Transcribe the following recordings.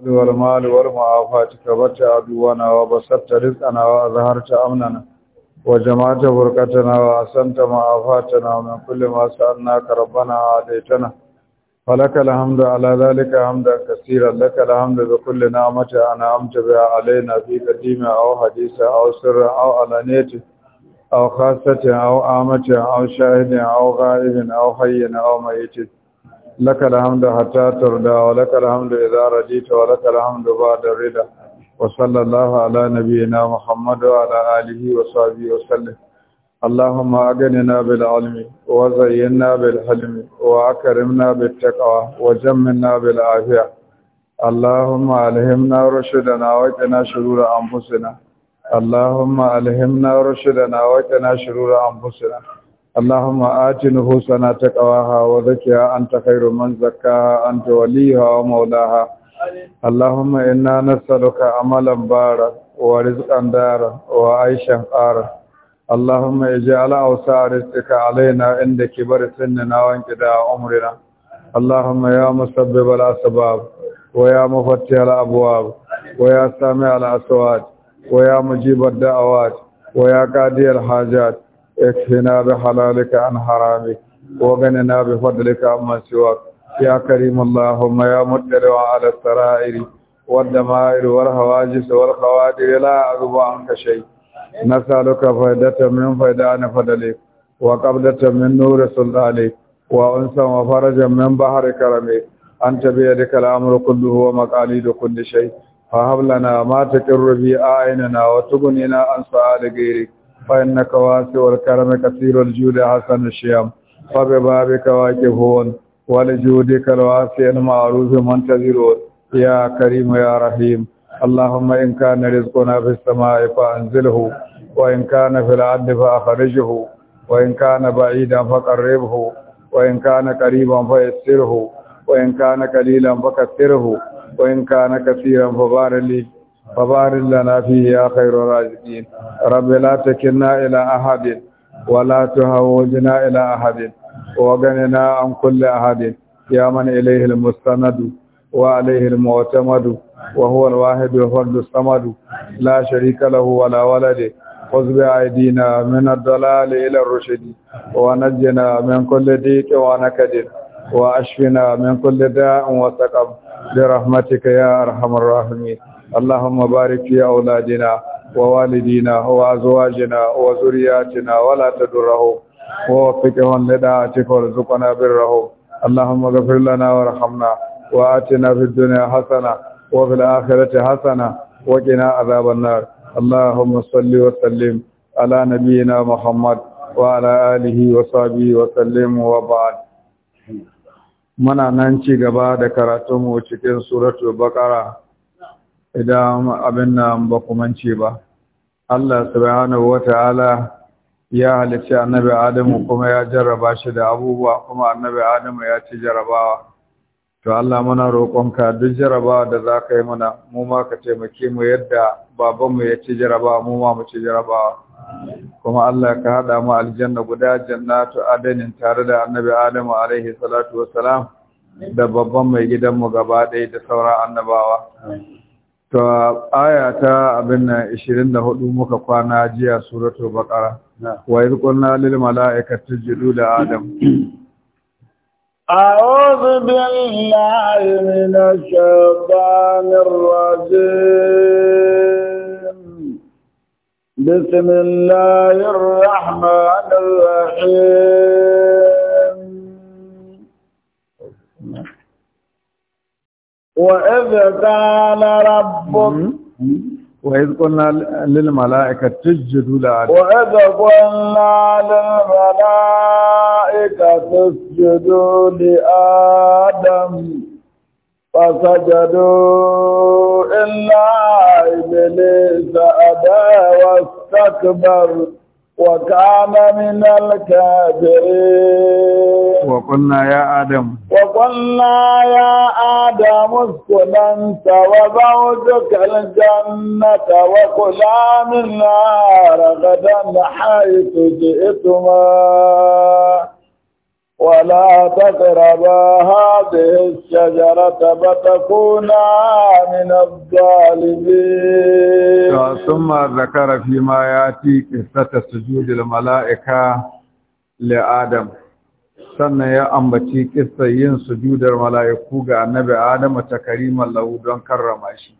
Aliyuwar maluwar mu a Fati kabata, abubuwa na waba sartar rikanawa, azahar ta amuna wa jama'a ta burƙatanawa, asanta mu a fata naman kullum masu adana karbanawa da ita, Hamdu a lallai ka Hamdan kassirar, da Hamdu da kullum na amata ana amtabi a alayyana fi kadimiyar au Hadiza au sirri au Alaynati au kastatin au Amartan au Sahinai au ƙa'idhin au hayyana au mahidin. لك الحمد حتى ترضى ولك الحمد إذا رجيت ولك الحمد بعد الرضا وصلى الله على نبينا محمد وعلى آله وصحبه وسلم اللهم أغننا بالعلم وزينا بالحلم وأكرمنا بالتقوى وجملنا بالعافية اللهم ألهمنا رشدنا وقنا شرور أنفسنا اللهم ألهمنا رشدنا وقنا شرور أنفسنا اللهم آت نفوسنا تقواها وزكها أنت خير من زكاها أنت وليها ومولاها اللهم إنا نسألك عملا بارا ورزقا دارا وعيشا قارا اللهم اجعل أوسع رزقك علينا عند كبر سننا وانقضاء عمرنا اللهم يا مسبب الأسباب ويا مفتح الأبواب ويا سامع الأصوات ويا مجيب الدعوات ويا قاضي الحاجات اكفنا بحلالك عن حرامك وغننا بفضلك عما سواك يا كريم اللهم يا مطلع على السرائر والدمائر والهواجس والقوادر لا أغب عنك شيء نسألك فائدة من فيدان فضلك وقبلة من نور سلطانك وأنسا وفرجا من بحر كرمك أنت بيدك الأمر كله ومقاليد كل شيء فهب لنا ما تقر به آيننا وتغنينا عن سؤال غيرك فإنك واسع الكرم كثير الجود حسن الشيم فببابك واقفون ولجودك الواسع المعروف منتظرون يا كريم يا رحيم اللهم إن كان رزقنا في السماء فأنزله وإن كان في العد فأخرجه وإن كان بعيدا فقربه وإن كان قريبا فيسره وإن كان قليلا فكثره وإن كان كثيرا فبارك فبارك لنا فيه يا خير الرازقين رب لا تكلنا إلى أحد ولا تهوجنا إلى أحد وغننا عن كل أحد يا من إليه المستند وعليه المعتمد وهو الواحد الفرد الصمد لا شريك له ولا ولد خذ بأيدينا من الضلال إلى الرشد ونجنا من كل ضيق ونكد وأشفنا من كل داء وسقم برحمتك يا أرحم الراحمين اللهم بارك في أولادنا ووالدينا وأزواجنا وزرياتنا ولا تدرهم ووفقهم لدعاتك وارزقنا برهم اللهم اغفر لنا ورحمنا وآتنا في الدنيا حسنة وفي الآخرة حسنة وقنا عذاب النار اللهم صل وسلم على نبينا محمد وعلى آله وصحبه وسلم وبعد muna nan ci gaba da karatunmu cikin suratul baqara idan abin nan ba ku mance ba Allah subhanahu wata'ala ya halicci annabi Adamu kuma ya jarraba shi da abubuwa kuma annabi Adamu ya ci jarrabawa to Allah muna roƙonka duk jarrabawa da za ka yi mana mu ma ka taimake mu yadda babanmu ya ci jarrabawa mu ma mu ci jarrabawa kuma Allah ka haɗa mu aljanna guda jannatu adanin tare da annabi Adamu alaihi salatu wassalam da babban mai gidan mu gaba ɗaya da sauran annabawa to aya ta abin da hudu muka kwana jiya suratul baqara wa yi qulna lil mala'ikati isjudu da adam أعوذ بالله من الشيطان الرجيم بسم الله الرحمن الرحيم وإذ قال ربك وإذ قلنا للملائكة تسجدوا لآدم وإذ قلنا للملائكة تسجدوا لآدم فسجدوا إلا إبليس أبى واستكبر وكان من الكافرين وقلنا يا آدم وقلنا يا آدم اسكن أنت وزوجك الجنة وكلا منها رغدا حيث جئتما ولا تقربا هذه الشجرة فتكونا من الظالمين ثم ذكر فيما ياتي قصة سجود الملائكة لآدم sannan ya ambaci kissa yin sujudar mala'iku ga annabi Adamu ta kariman lahu don karrama shi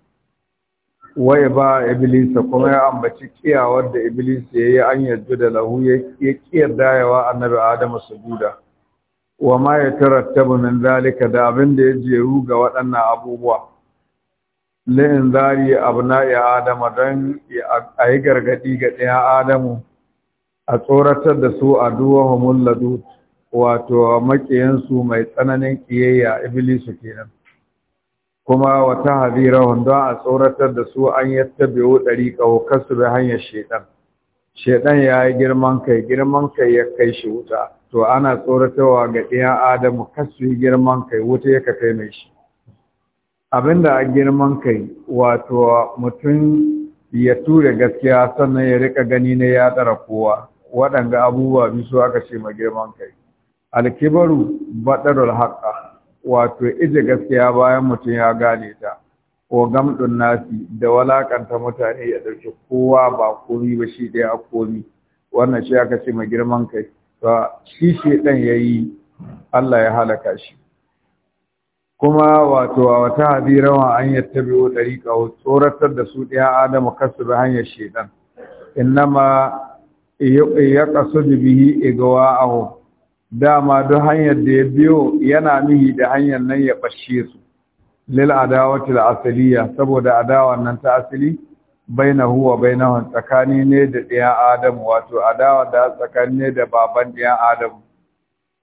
wai ba iblisa kuma ya ambaci kiyawar da iblis ya yi an yarda da lahu ya kiyar dayawa annabi adam sujuda wa ma ya tarattabu min zalika da abin da ya jeru ga waɗannan abubuwa lin zari abna ya adama don a yi gargaɗi ga ɗaya adamu a tsoratar da su a homun ladu wato maƙiyansu mai tsananin ƙiyayya iblisu kenan kuma wata hazirahun don a tsoratar da su an yi yattabe ɗari ƙahukarsu da hanyar shaiɗan shaidan ya yi girman kai girman kai ya kai shi wuta to ana tsoratawa ga ɗiyan adamu kasu yi girman kai wuta ya kai mai shi abinda a girman kai wato mutum ya tura gaskiya sannan ya rika gani na ya tsara kowa waɗanga abubuwa su aka ce ma girman kai alkibaru baɗarar haƙa wato ije gaskiya bayan mutum ya gane ta ko gamɗin nasi da walakanta mutane ya ɗauki kowa ba komi ba shi ɗaya a komi wannan shi aka ce ma girman kai to shi ya yayi Allah ya halaka shi kuma wato a wata hadirawa an yattabi'u tariqa tsoratar da su ɗaya Adamu kasu da hanyar shedan innama da bihi igwa'ahu dama duk hanyar da ya biyo yana mihi da hanyar nan ya bashe su lil adawati al asaliya saboda adawan nan ta asali baina huwa bainahun tsakani ne da ɗaya adam wato adawa da tsakani ne da baban ɗaya adam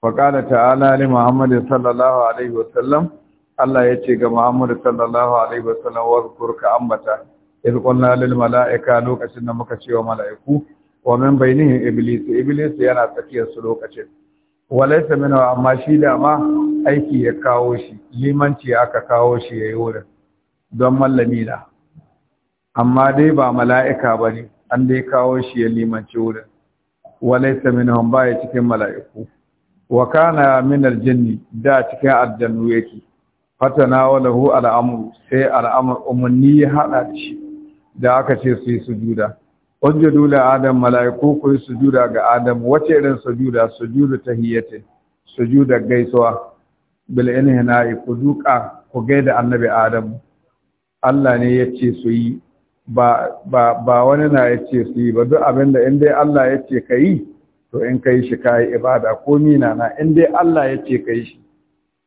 faƙada ta'ala li muhammad sallallahu alaihi wa sallam Allah ya ce ga muhammad sallallahu alaihi wa sallam wa zkurka ambata iz qulna lil mala'ika lokacin da muka ce wa mala'iku wa min bainihi iblis iblis yana tsakiyar su lokacin walaysa wa amma shi da ma aiki ya kawo shi limanci aka kawo shi yayi wurin don mallami na amma dai ba mala'ika ba ne an dai kawo shi ya limanci wurin walaisa minhum baya cikin mala'iku wa kana minar jini da cikin aljanu yake wani hu al'amru sai al'amr umarni ya hada da shi da aka ce su yi sujuda wajjadu la adam mala'iku ku yi sujuda ga adam wace irin sujuda ta tahiyyati sujuda gaisuwa bil inhina ku duka ku gaida annabi adam Allah ne ya ce su yi ba wani na yace su yi ba duk abinda da in dai Allah yace ka yi to in ka yi shi ka yi ibada ko mina na in dai Allah ce ka yi shi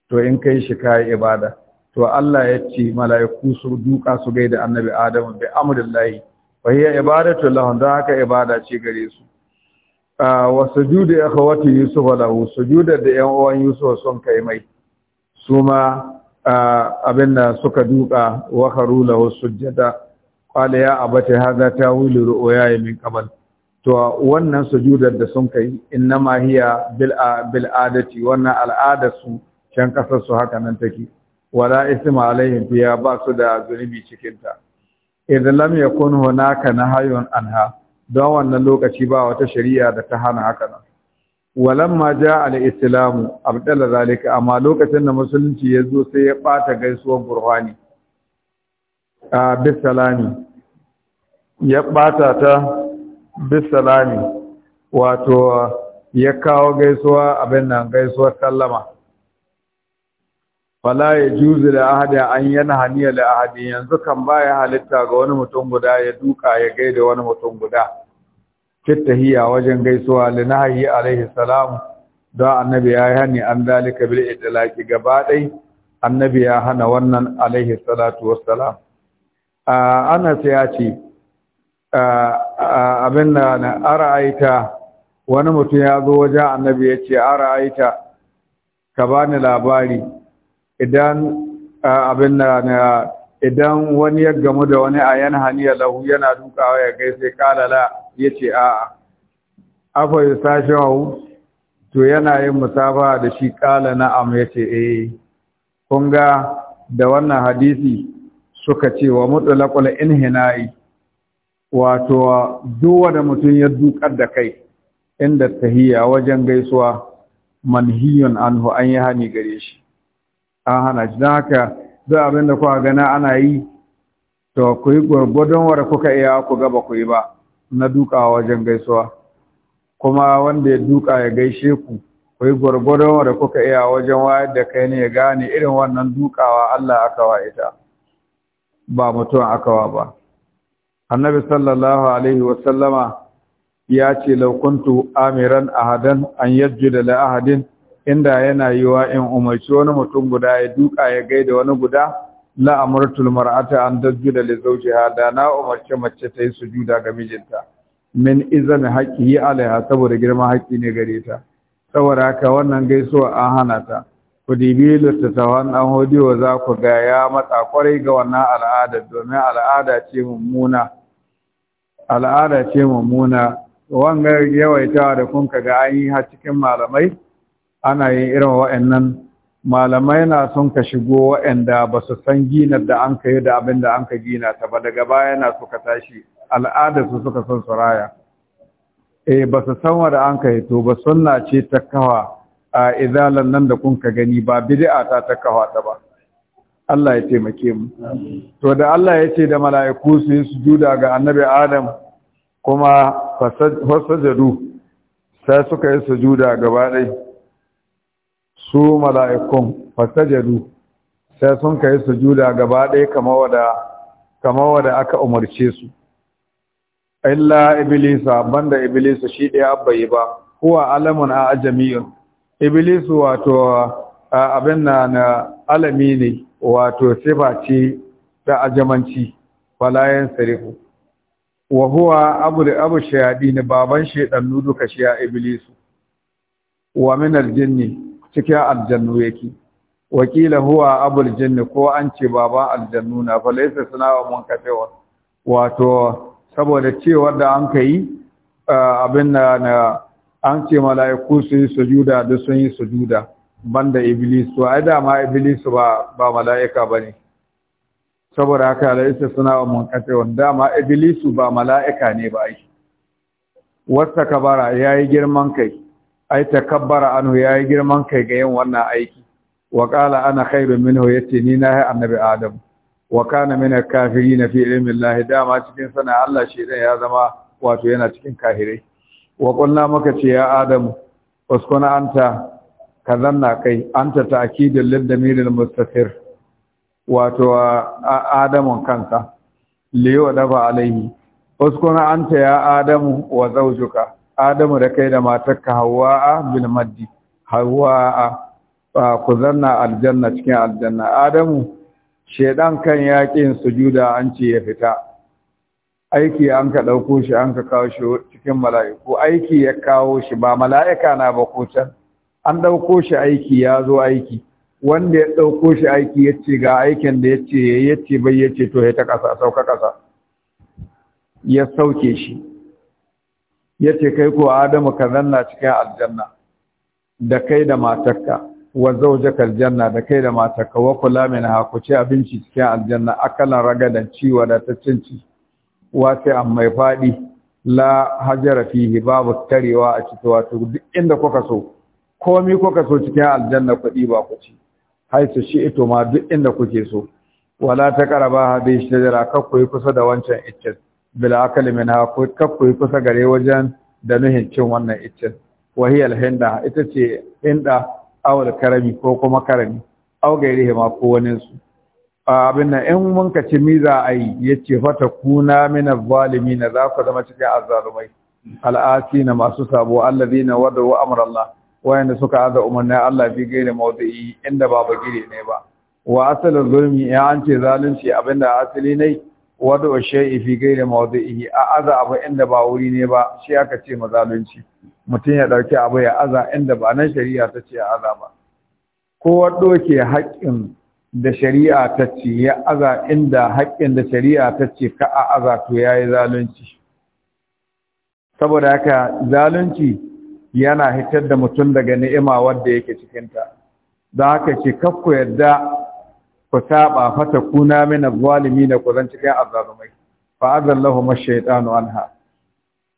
to in ka yi shi ka yi ibada to Allah ya yace mala'iku su duka su gaida annabi Adamu bi amrillahi wa hiya ibadatu lahu, da haka ibada ce gare su wa sujudu akhawati yusuf lahu sujuda da yan uwan yusuf sun kai mai su ma abinda suka duka wa kharu lahu sujjada qala ya abati hadha tawilu ru'yaya min qabl to wannan sujudar da sun kai innama hiya bil bil adati wannan al'ada su can kasar su haka nan take wala isma alaihim fiya ba su da zunubi cikin ta idan lam yakun hunaka nahayun anha don wannan lokaci ba wata shari'a da ta hana haka nan walamma ja al-islamu abdala zalika amma lokacin da musulunci ya zo sai ya bata gaisuwar burhani a bisalami ya ɓata ta bisalami wato ya kawo gaisuwa abin nan gaisuwar sallama fala ya juzu da ahadi an yana haniya da ahadi yanzu kan ba ya halitta ga wani mutum guda ya duka ya gaida wani mutum guda tattahiya wajen gaisuwa linahi alaihi salam da annabi ya hani an dalika bil idlaqi gaba dai annabi ya hana wannan alaihi salatu wassalam anas ya ce abin da na ara'aita wani mutum ya zo wajen annabi ya ce ara'aita ka bani labari idan abin da idan wani ya gamu da wani a yan haniya lahu yana dukawa ya kai sai kalala ya ce a'a afa ya hau to yana yin musafa da shi kala na'am ya ce eh kun da wannan hadisi suka ce wa in hinayi wato duwa da mutum ya dukar da kai inda tahiya wajen gaisuwa manhiyun anhu an yi hani gare shi an hana shi don haka duk abin da kuka gana ana yi to ku yi gwargwadon wanda kuka iya ku gaba ku yi ba na duka wajen gaisuwa kuma wanda ya duka ya gaishe ku ku yi gwargwadon wanda kuka iya wajen wayar da kai ne ya gane irin wannan dukawa Allah aka wa ita ba mutum aka wa ba annabi sallallahu alaihi wasallama ya ce laukuntu amiran ahadan an yajjuda da la'ahadin inda yana yiwa in umarci wani mutum guda ya duka ya gaida wani guda tulmar mar'ata an tasjuda li zawjiha da na umarci mace ta yi sujuda ga mijinta min izami Yi alaiha saboda girman haƙƙi ne gare ta saboda haka wannan gaisuwa an hana ta ku dibi littattafan ɗan hodiyo za ku ga ya matsa kwarai ga wannan al'ada domin al'ada ce mummuna al'ada ce mummuna wanga yawaitawa da kun ga an yi har cikin malamai ana yin irin wa'annan malamai na son ka shigo wa'anda ba su san ginar da an ka yi da abin da an ka gina ta ba daga baya na suka tashi al'ada su suka son su raya eh ba su san wa da an ka to ba sunna ce ta kawa a izalan nan da kun ka gani ba bid'a ta ta kawata ba Allah ya taimake mu to da Allah ya ce da mala'iku su yi sujuda ga annabi Adam kuma fasajadu sai suka yi sujuda gaba dai su mala'ikun fasajadu sai sun kai sujuda gaba dai kamar wada kamar wada aka umarce su illa iblisa banda iblisa shi ɗaya yi ba huwa alamun a ajamiyun iblis wato abin na na alami ne wato sifa ce ta ajamanci falayen sarifu wa huwa abu da abu shayadi ne baban shedannu duka shiya iblis wa min aljinni cikin aljannu yake wakila huwa abul jinni ko an ce baban aljannu na falaisa suna wa munkatewa wato saboda cewa da an kai abin na an ce mala'iku su yi sujuda da sun yi sujuda banda iblis to ai dama iblis ba ba mala'ika bane saboda haka laisa suna wa kace wanda dama iblis ba mala'ika ne ba ai wasta kabara yayi girman kai ai takabbara anhu yayi girman kai ga yin wannan aiki wa qala ana khairu minhu yace ni na annabi adam wa kana min al-kafirin fi ilmi Allah dama cikin sana Allah shi ya zama wato yana cikin kafirai. wa qulna maka ce ya adam uskuna anta kazanna kai anta ta'kidul lil mustatir wato adamun kanka liyo dafa alaihi uskuna anta ya adamu wa zawjuka adamu da kai da matarka hawa'a bil maddi hawa'a ku zanna aljanna cikin aljanna adamu shedan kan yaƙin sujuda an ce ya fita aiki an ka ɗauko shi an ka kawo shi cikin mala'iku aiki ya kawo shi ba mala'ika na ba ko can an ɗauko shi aiki ya zo aiki wanda ya ɗauko shi aiki ya ce ga aikin da ya ce ya ce bai ya ce to ya ta ƙasa sauka ƙasa ya sauke shi ya ce kai ko adamu ka zanna cikin aljanna da kai da matarka wa zaujaka aljanna da kai da matarka wa kula min ha ku ci abinci cikin aljanna akalan ragadan ci wadataccen ci an mai faɗi la hajara fihi babu tarewa a ciki wato duk inda kuka so komai kuka so cikin aljanna kuɗi ba ku ci Hai su shi ito ma duk inda kuke so wala ta karaba hadi shajara kakku kusa da wancan iccen bila akali min ha kakku kusa gare wajen da nuhin cin wannan iccen wahiyar hinda ita ce hinda awal karami ko kuma karami au gairi ma ko su. abin nan in mun ka a yi ya ce fata kuna mina zalimi na za ku zama cikin azalumai? Al'asi na masu sabo alladhina wadu amra Allah wayanda suka aza umarni Allah bi gaire mawdu'i inda babu gire ne ba wa asalin zulmi ya an ce zalunci abinda asali ne wa shay'i fi gaire mawdu'i a aza abu inda ba wuri ne ba shi aka ce zalunci. mutum ya dauki abu ya aza inda ba nan shari'a ta ce aza ba kowa ke haƙƙin da shari'a ta ce ya aza inda haƙƙin da shari'a ta ce ka a aza to ya yi zalunci saboda haka zalunci yana hitar da mutum daga ni'ima wadda yake cikinta Za haka ce kakku yadda ku saba fata kuna mina zalimi na ku cikin azalumai fa azallahu mashaiɗanu anha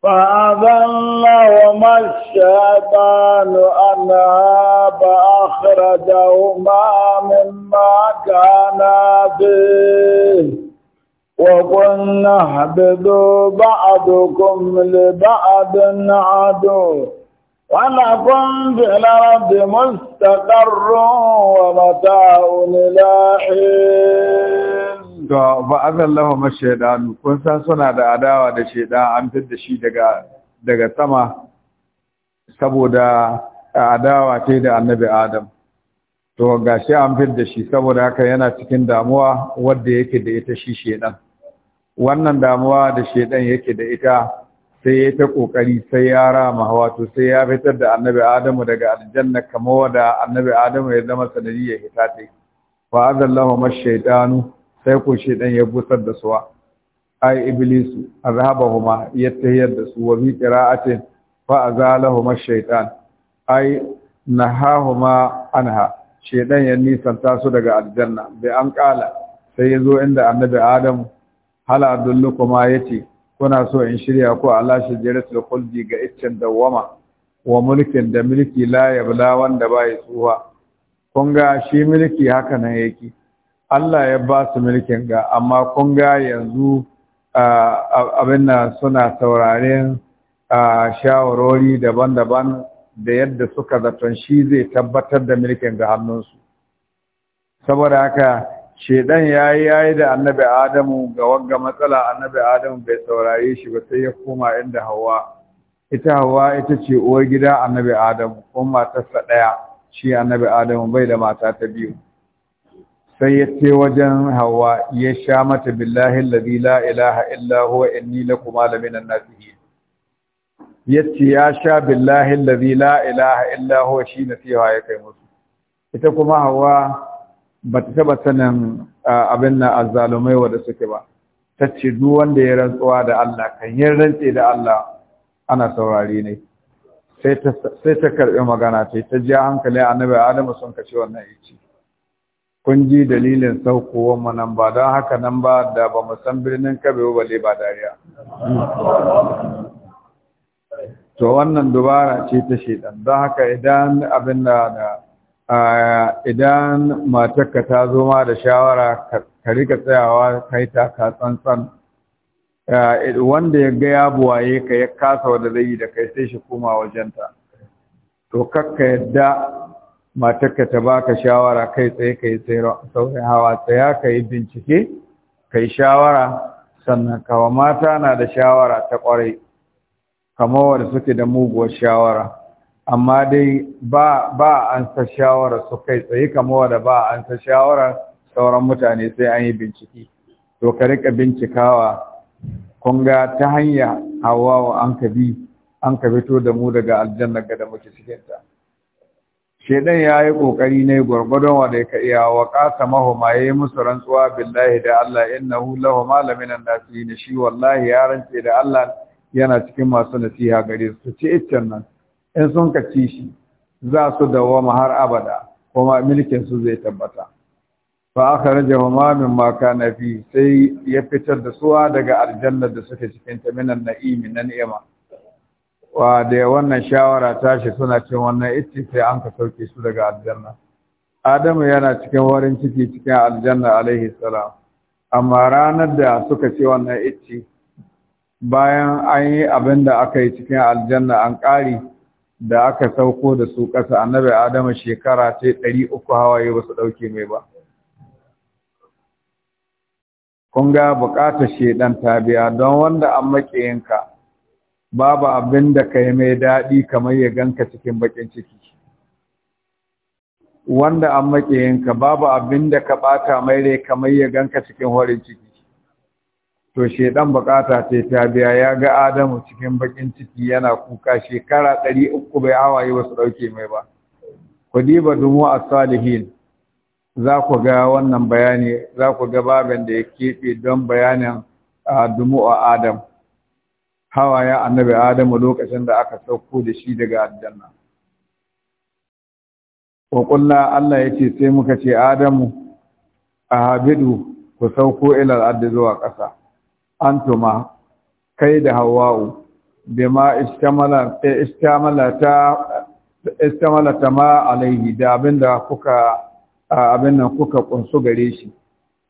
فأذلهما الشيطان أنها فأخرجهما مما كانا فيه وقلنا اهبطوا بعضكم لبعض عدو ولكم في الأرض مستقر ومتاع إلى حين to ba azallahu kun san suna da adawa da shaydan an fidda shi daga daga sama saboda adawa ce da annabi adam to gashi an fidda shi saboda haka yana cikin damuwa wanda yake da ita shi shaydan wannan damuwa da shaydan yake da ita sai ya ta kokari sai ya rama wato sai ya fitar da annabi adam daga aljanna kamar wanda annabi adamu ya zama sanadiyar hita ta fa azallahu mashaydanu sai ko dan ya busar da suwa ai iblisu azhabahuma yattahiyar da su wa bi qira'atin fa azalahuma shaytan ai nahahuma anha shedan ya nisanta su daga aljanna bai an kala sai ya zo inda annabi adam hala adullukuma yace kuna so in shirya ku ala shajaratul khuldi ga iccen dawama wa mulkin da mulki la yabla wanda bai tsuwa kun ga shi mulki haka nan yake Allah ya ba su mulkin ga amma kun ga yanzu abin nan suna sauraren shawarori daban-daban da yadda suka zaton shi zai tabbatar da mulkin ga hannunsu saboda haka shedan ya yi da annabi Adamu ga wagga matsala annabi Adamu bai saurare shi ba sai ya koma inda hawa ita hawa ita ce uwar gida annabi Adamu kuma matarsa ɗaya shi annabi Adamu bai da mata ta biyu sai ya ce wajen hawa ya sha mata billahi allazi la ilaha illa huwa inni lakum alamin nasihin yace ya sha billahi allazi la ilaha illa huwa shi na cewa ya kai musu ita kuma hawa bata taba sanin abin na azzalumai wadda suke ba ce duk wanda ya rantsuwa da Allah kan yin rantse da Allah ana saurari ne sai ta karɓi magana ta ta ji hankali annabi Adamu sun kace wannan yace kun ji dalilin saukowar mu nan ba don haka nan ba da ba mu san birnin kabe ba ba dariya to wannan dubara ce ta shedan don haka idan abin da idan matarka ta zo ma da shawara ka rika tsayawa kai ta ka tsantsan wanda ya ga ya buwaye ka ya kasa wadda zai yi da kai sai shi koma wajenta to kakka yadda matarka ta baka shawara kai tsaye kai saurin hawa tsaya ka bincike kai yi shawara sannan kawa mata na da shawara ta kwarai kamar suke da muguwar shawara amma dai ba a an sa shawara su kai tsaye kamar wanda ba an sa shawara sauran mutane sai an yi bincike to ka rika bincikawa kun ga ta hanya hawa an ka bi an ka fito da mu daga aljanna ga da muke cikinta shedan ya yi ƙoƙari ne gwargwadon wanda ka iya wa ƙasa mahoma ya musu rantsuwa billahi da Allah innahu lahu malamin nasi ne shi wallahi ya rance da Allah yana cikin masu nasiha gare su ci iccen nan in sun ka ci shi za su dawama har abada kuma mulkin su zai tabbata fa min ma kana fi sai ya fitar da suwa daga aljanna da suke cikin ta minan na'imi na ni'ima wa da wannan shawara tashi suna cin wannan itti sai an ka sauke su daga aljanna adamu yana cikin warin ciki cikin aljanna alaihi salam amma ranar da suka ce wannan itti bayan an yi abin da aka yi cikin aljanna an ƙari da aka sauko da su ƙasa annabi adamu shekara ta ɗari uku hawaye ba su ɗauke mai ba kun ga buƙatar shaidan ta biya don wanda an maƙiyinka babu abin da ka yi mai daɗi kamar ya ganka cikin baƙin ciki wanda an maƙe yinka babu abin da ka ɓata mai rai kamar ya ganka cikin horin ciki to shaidan buƙata ce ta biya ya ga adamu cikin baƙin ciki yana kuka shekara ɗari uku bai hawaye wasu ɗauke mai ba ku diba dumu a salihin za ku ga wannan bayani za ku ga babin da ya keɓe don bayanin a a Adamu. hawayen annabi adamu lokacin da aka sauko da shi daga aljanna wa Allah ya sai muka ce adamu a ku sauko ilal adda zuwa ƙasa antuma kai da hawa'u bima eh, istamala ta ma alaihi da abinda kuka abin nan kuka kunsu gare shi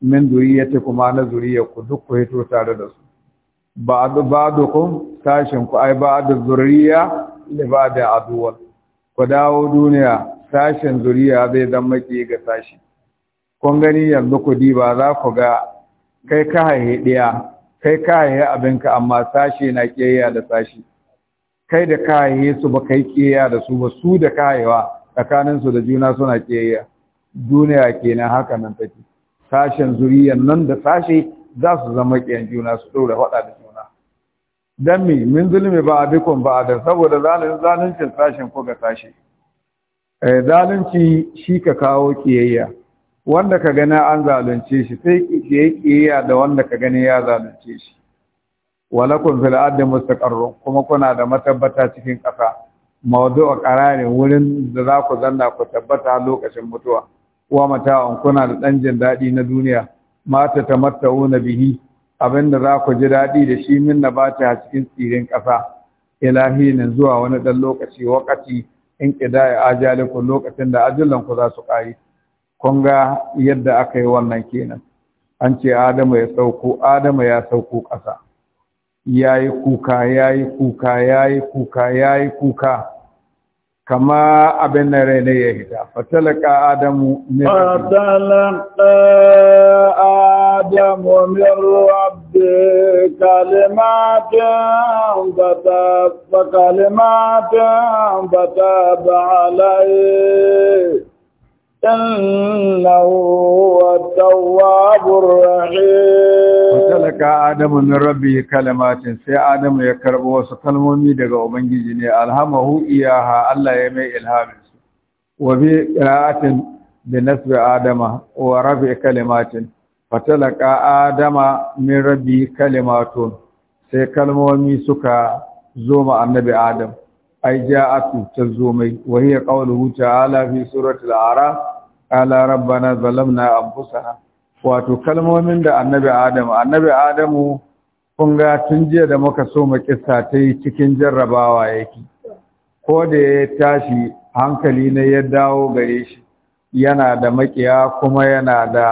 min zuriyati kuma na zuriyar ku duk ku hito tare da su ba'adu ba'dukum sashin ku ai ba'adu zuriya li ba'da aduwa ku dawo duniya sashin zuriya zai zama maki ga sashi kun gani yanzu ku ba za ku ga kai ka haihe ɗaya kai ka haihe abinka amma sashe na ƙiyayya da sashi kai da ka haihe su ba kai ƙiyayya da su ba su da ka tsakanin tsakaninsu da juna suna ƙiyayya duniya kenan haka nan take sashen zuriyan nan da sashe za su zama ƙiyan juna su ɗora faɗa da dan mi min zulmi ba bikon ba da saboda zaluncin sashen ko ga sashe. eh zalunci shi ka kawo kiyayya wanda ka gani an zalunce shi sai kiyayya da wanda ka gani ya zalunce shi walakum fil ardi mustaqarru kuma kuna da matabbata cikin ƙasa a qararin wurin da za ku zanna ku tabbata lokacin mutuwa wa mata'un kuna da dan jin dadi na duniya mata ta na bihi abinda za ku ji daɗi da shi min na ba ta cikin tsirin ƙasa Ilahi ilahinin zuwa wani ɗan lokaci wakati in ƙidaya ku lokacin da ajalanku za su ƙari kun ga yadda aka yi wannan kenan an ce adama ya sauko adama ya sauko ƙasa ya yi kuka ya yi kuka ya yi kuka ya yi kuka kama abin na rai ne ya hita fatalaka adamu min fatalaka adamu min rabbi kalimatin bata kalimatin bata ba alai إنه هو التواب الرحيم min آدم من sai كلمات ya آدم wasu kalmomi daga Ubangiji ne alhamahu iyaha Allah ya mai ilhamin su wa bi qira'atin bi nasbi adama wa rabi kalimatin Fatalaka adama min rabbi kalimatun sai kalmomi suka zo ma annabi adam ai ja'atu tazumai wa hiya qawluhu ta'ala fi suratul a'raf qala rabbana zalamna anfusana wato kalmomin da annabi adamu annabi adamu kunga tun jiya da muka so mu kissa ta yi cikin jarrabawa yake ko da ya tashi hankali na ya dawo gare shi yana da makiya kuma yana da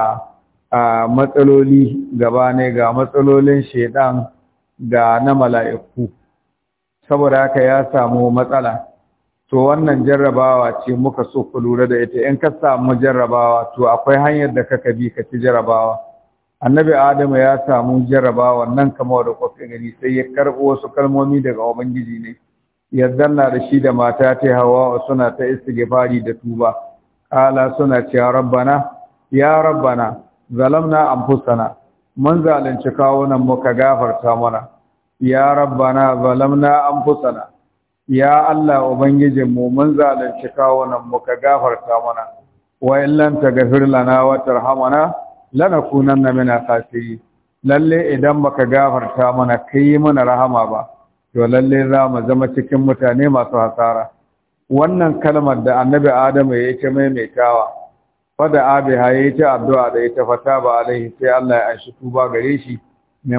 matsaloli gaba ne ga matsalolin shedan ga na mala'iku saboda haka ya samu matsala to wannan jarrabawa ce muka so ku lura da ita in ka samu jarrabawa to akwai hanyar da kaka bi ka ci jarrabawa annabi adamu ya samu jarrabawa nan kama da kofin gani sai ya karɓo wasu kalmomi daga ubangiji ne ya zanna da shi da mata ta hawa suna ta istighfari da tuba ala suna cewa rabbana ya rabbana zalamna anfusana mun zalunci kawunan muka gafarta mana ya rabbana zalamna anfusana ya Allah ubangijinmu mun zalunci kawunan mu ka gafarta mana wa in lam taghfir lana wa tarhamana lanakunanna min khasirin lalle idan baka gafarta mana kai mana rahama ba to lalle za mu zama cikin mutane masu hasara wannan kalmar da annabi adamu ya ce maimaitawa fada abi ya ta addu'a da ita fata ba alaihi sai Allah ya anshi tuba gare shi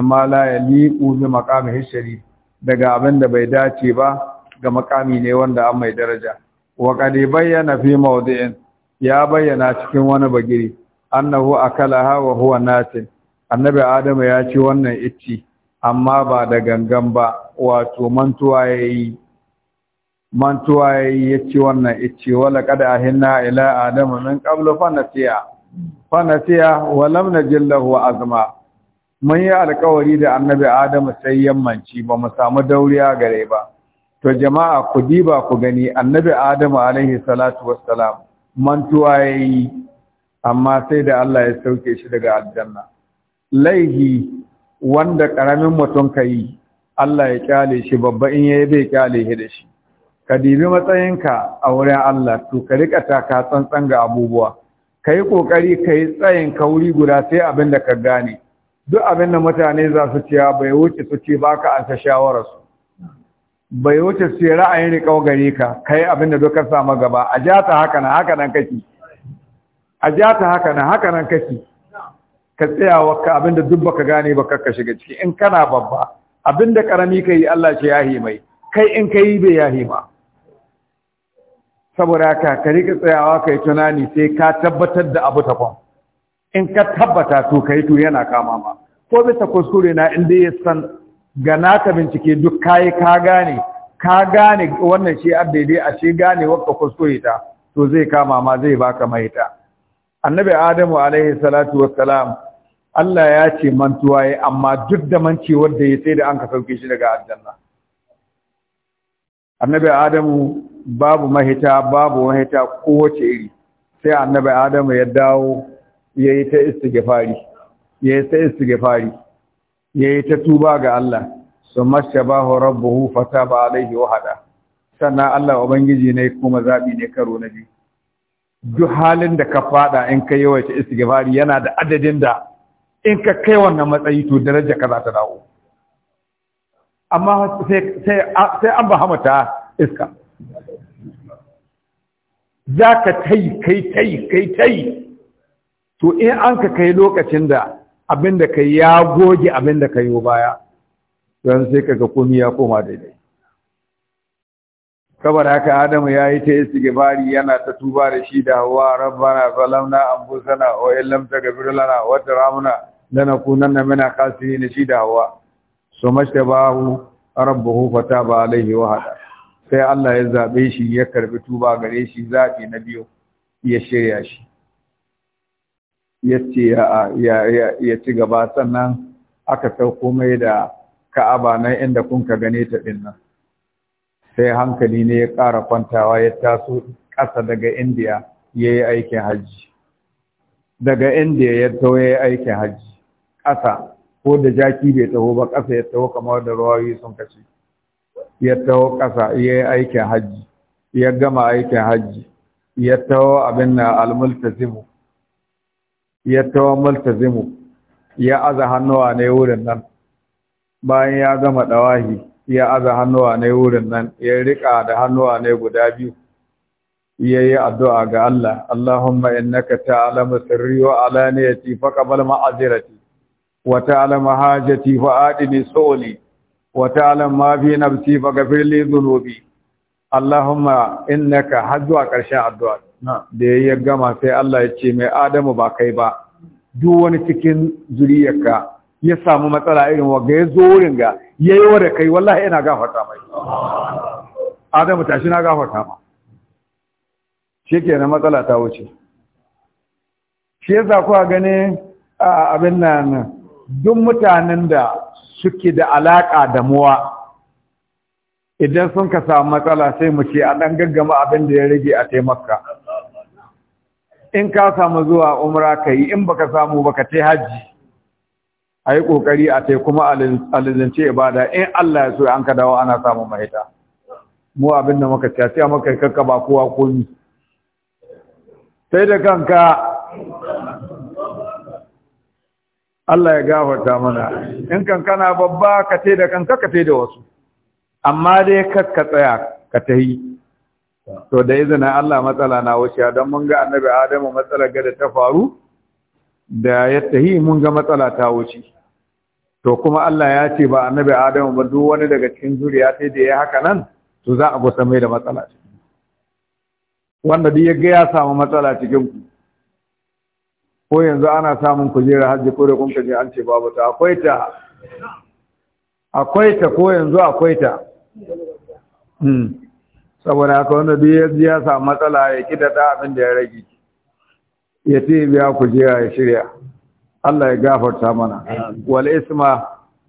mala ya yaliqu bi maqamihi sharif daga abin da bai dace ba ga makami ne wanda an mai daraja wa qad bayyana fi mawdi'in ya bayyana cikin wani bagiri annahu akalaha wa huwa natin annabi adam ya ci wannan icci amma ba da gangan ba wato mantuwa yayi mantuwa yayi ya ci wannan icci wala kada ahinna ila adam min qablu fa nasiya fa wa lam najil lahu azma mun yi alkawari da annabi adam sai yammanci ba mu samu dauriya gare ba to jama'a ku diba ku gani annabi adamu alaihi salatu wassalam mantuwa yayi amma sai da Allah ya sauke shi daga aljanna laihi wanda karamin mutum kai Allah ya kyale shi babba in ya yayi bai kyale shi da shi ka dibi matsayinka a wurin Allah to ka rika taka tsantsan ga abubuwa ka yi ƙoƙari ka yi tsayin kauri guda sai abin da ka gane duk abin da mutane za su ciya bai wuce su ce baka an ta shawararsu bai wuce su yi ra'ayin riƙau gare ka kai abin da dokar samu gaba a ja ta haka nan haka nan kake a ja ta haka nan haka nan kake ka tsaya wa ka abin da duk baka gane ba ka shiga ciki in kana babba abin da karami ka yi Allah shi yahi mai kai in ka yi bai yahi ma saboda haka ka rika tsayawa ka yi tunani sai ka tabbatar da abu ta kwan in ka tabbata to ka yi to yana kama ma ko bisa kuskure na inda ya san ga naka bincike duk kayi ka gane ka gane wannan shi daidai a shi gane wakka kuskure ta to zai kama ma zai baka mahita annabi adamu alaihi salatu wassalam Allah ya ce mantuwa ya amma duk da manci wanda ya sai da an ka sauke shi daga aljanna annabi adamu babu mahita babu mahita kowace iri sai annabi adamu ya dawo ya yi ta istighfari ya yi ta istighfari yayi ta tuba ga Allah summa shabahu rabbuhu ba alaihi wa sannan Allah ubangiji ne kuma zaɓi ne karo na biyu duk halin da ka faɗa in ka yawaita istighfari yana da adadin da in ka kai wannan matsayi to daraja ka za ta dawo amma sai an ba hamata iska za ka tai kai tai kai tai to in an ka kai lokacin da abin da ka ya goge abin da ka yi baya don sai ga komi ya koma daidai Kabar haka adamu ya yi ta istighfari yana ta tuba da shi da hawa rabbana zalamna anfusana wa illam taghfir lana wa tarhamna lanakunanna min al na shi da hawa so mashtabahu fata ba alaihi wa hada sai Allah ya zaɓe shi ya karɓi tuba gare shi zabi na biyu ya shirya shi yace ya ci gaba sannan aka sauko mai da ka'aba nan inda kun ka gane ta din nan sai hankali ne ya ƙara kwantawa ya taso ƙasa daga indiya ya yi aikin hajji daga indiya ya taho ya yi aikin hajji ƙasa ko da jaki bai taho ba ƙasa ya taho kamar da ruwayoyi sun kashe ya taho ƙasa ya yi aikin hajji ya gama aikin hajji ya taho abin na almultazimu ya ta zimu. ya aza hannuwa ne wurin nan bayan ya gama ɗawahi, ya aza hannuwa ne wurin nan ya rika da hannuwa ne guda biyu ya yi addu'a ga Allah Allahumma innaka ta'lamu sirri wa alaniyati faqbal ma'azirati wa ta'lamu hajati fa adini soli wa ta'lamu ma fi nafsi faghfir li dhunubi Allahumma innaka hajju a ƙarshen addu'a da ya yi gama sai Allah ya ce mai Adamu ba kai ba duk wani cikin zuriyarka ya samu matsala irin ga ya zo wurin ga ya yi da kai wallahi yana gafarta mai Adamu tashi na gafarta ma shi na matsala ta wuce shi za kuwa a abin nan duk mutanen da suke da alaƙa da muwa idan sun ka samu matsala sai mu ce a ɗan gaggama abin da ya rage a taimaka in ka samu zuwa umra ka yi in baka samu baka tai hajji a yi ƙoƙari a ce kuma alizance ibada in Allah ya so an ka dawo ana samun mahita mu abin da muka ci a maka kakka ba kowa komi sai da kanka Allah ya gafarta mana in na babba ka tai da kanka ka tai da wasu amma dai kakka tsaya ka tahi to da izina Allah matsala na wuce don mun ga annabi Adamu matsalar ga da ta faru da ya tahi mun ga matsala ta wuce to kuma Allah ya ce ba annabi Adamu ba duk wani daga cikin zuriya sai da ya haka nan to za a gusa mai da matsala ce wanda duk ya ga ya samu matsala cikin ku ko yanzu ana samun kujera hajji ko da kun ji an ce babu ta akwai ta akwai ta ko yanzu akwai ta hmm. saboda haka wanda duk ya ji ya samu matsala ya ki da abin da ya rage ya ce biya ku je ya shirya Allah ya gafarta mana wal isma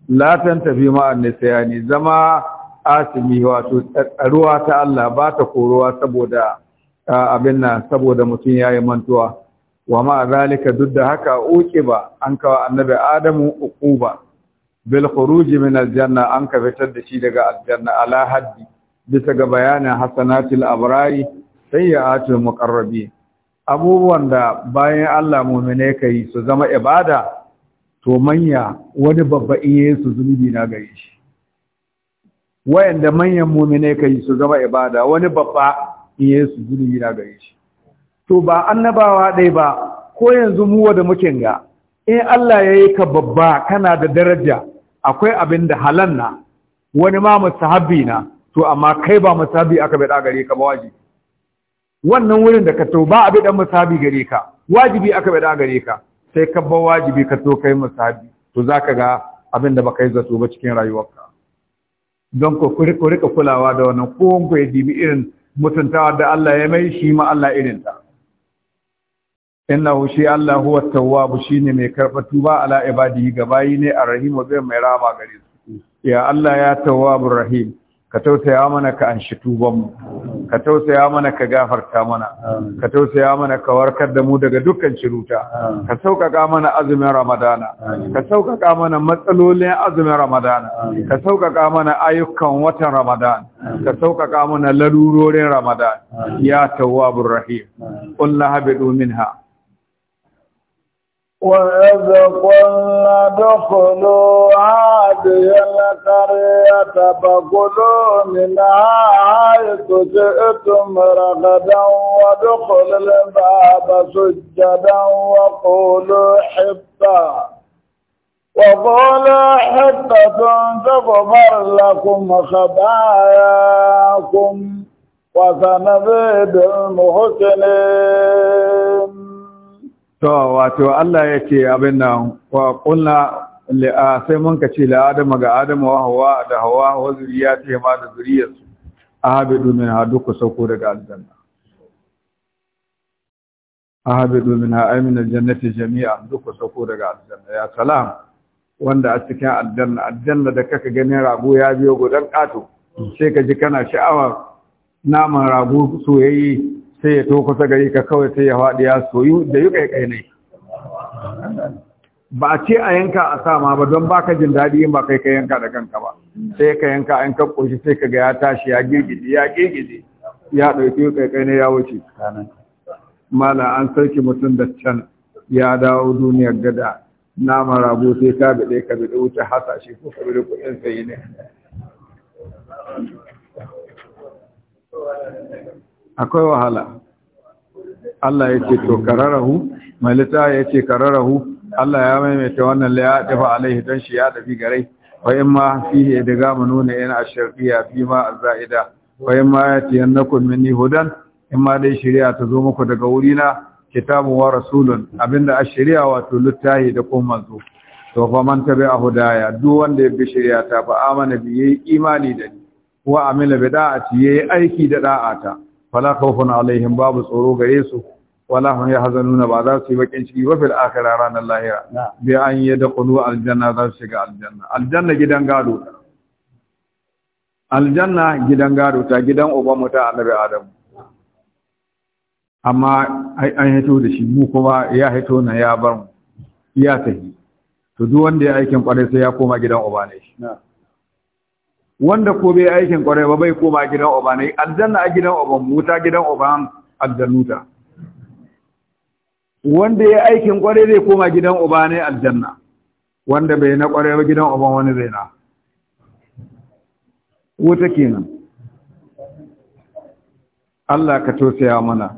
la tantafi ma nisyani zama asimi wato tsaruwa ta Allah ba ta koruwa saboda abin nan saboda mutum yayi mantuwa wa ma zalika duk da haka uke ba an kawo annabi Adamu uquba bil khuruj min aljanna an ka fitar da shi daga aljanna ala haddi bisa ga bayanin hasanatul abrari sayyatul muqarrabi abubuwan da bayan Allah mu'mine kai su zama ibada to manya wani babba in su zunubi na gare shi wayanda manyan mu'mine kai su zama ibada wani babba in su zunubi na gare shi to ba annabawa dai ba ko yanzu mu wanda muke ga in Allah yayi ka babba kana da daraja akwai abin da halanna wani ma mustahabbi na to amma kai ba musabi aka bai gare ka ba wajibi wannan wurin da ka to ba abi dan musabi gare ka wajibi aka bai gare ka sai ka ba wajibi ka to kai musabi to zaka ga abin da baka yi zato ba cikin rayuwarka don kuri kuri ka kulawa da wannan ko ku ya dibi irin mutuntawa da Allah ya mai shi ma Allah irin ta hu shi Allah huwa shi shine mai karfatu, tuba ala ibadihi gabayi ne arrahim wa bai mai rama gare su ya Allah ya tawwabur rahim ka tausaya mana ka anshi tubanmu ka tausaya mana ka gafarta mana ka tausaya mana ka warkar da mu daga dukkan ciruta ka sauƙaƙa mana azumin ramadana ka sauƙaƙa mana matsalolin azumin ramadana ka sauƙaƙa mana ayyukan watan ramadana ka sauƙaƙa mana larurorin ramadana ya tawwabur rahim qul la habidu minha وإذ دخلوا هذه القرية فكلوا منها حيث جئتم رغدا وادخلوا الباب سجدا وقولوا حطة وقولوا حطة تغفر لكم خباياكم وسنزيد المحسنين to wato Allah ya ce abin nan wa a sai mun ka ce la adam ga adam wa hawa da hawa wa zuriyati ma da zuriyatu ahabidu min ha duk sauko daga aljanna ahabidu min ha amin aljannati jami'a duk sauko daga aljanna ya salam wanda a cikin aljanna aljanna da kaka ganin rago ya biyo gudan kato sai ka ji kana sha'awa naman rago soyayye sai ya to kusa gari ka kawai sai ya faɗi ya soyu da yi ƙaiƙai ne ba a ce a yanka a sama ba don ba ka jin daɗi yin ba kai ka yanka da kanka ba sai ka yanka an ka ƙoshi sai ka ga ya tashi ya girgije ya girgije ya ɗauki ƙaiƙai ne ya wuce mala an sarki mutum da can ya dawo duniyar gada nama rabu sai ka biɗe ka biɗe wuce hasashe ko ka biɗe kuɗin sayi ne akwai wahala Allah ya ce to kararahu mai littafi ya ce kararahu Allah ya maimaita wannan laya dafa alaihi don shi ya dafi gare wayan ma fihe da gama nuna yana shirfiya fi ma azza'ida wayan ma ya ce yannakun minni hudan in ma dai shari'a ta zo muku daga wurina kitabun wa rasulun abinda a shirya wato littafi da kuma manzo to fa man tabi'a hudaya duk wanda ya bi shari'a ta fa amana bi yayi imani da ni wa amila bidaati da'ati yayi aiki da da'ata fala khawfun alaihim babu tsoro gare su wala hum yahzanuna ba za su yi bakin ciki ba fil akhirah ranar lahira bi an yadkhulu aljanna za su shiga aljanna aljanna gidan gado aljanna gidan gado ta gidan uban mu ta annabi adam amma an hito da shi mu kuma ya hito na ya bar mu ya tafi to duk wanda ya aikin kware sai ya koma gidan uba ne wanda ko bai aikin kwarai ba bai koma gidan oba ne aljanna a gidan oban wuta gidan oban aljannuta wanda ya aikin kwarai zai koma gidan oba ne aljanna wanda bai na kwarai ba gidan oban wani zai na wuta kenan Allah ka tosaya mana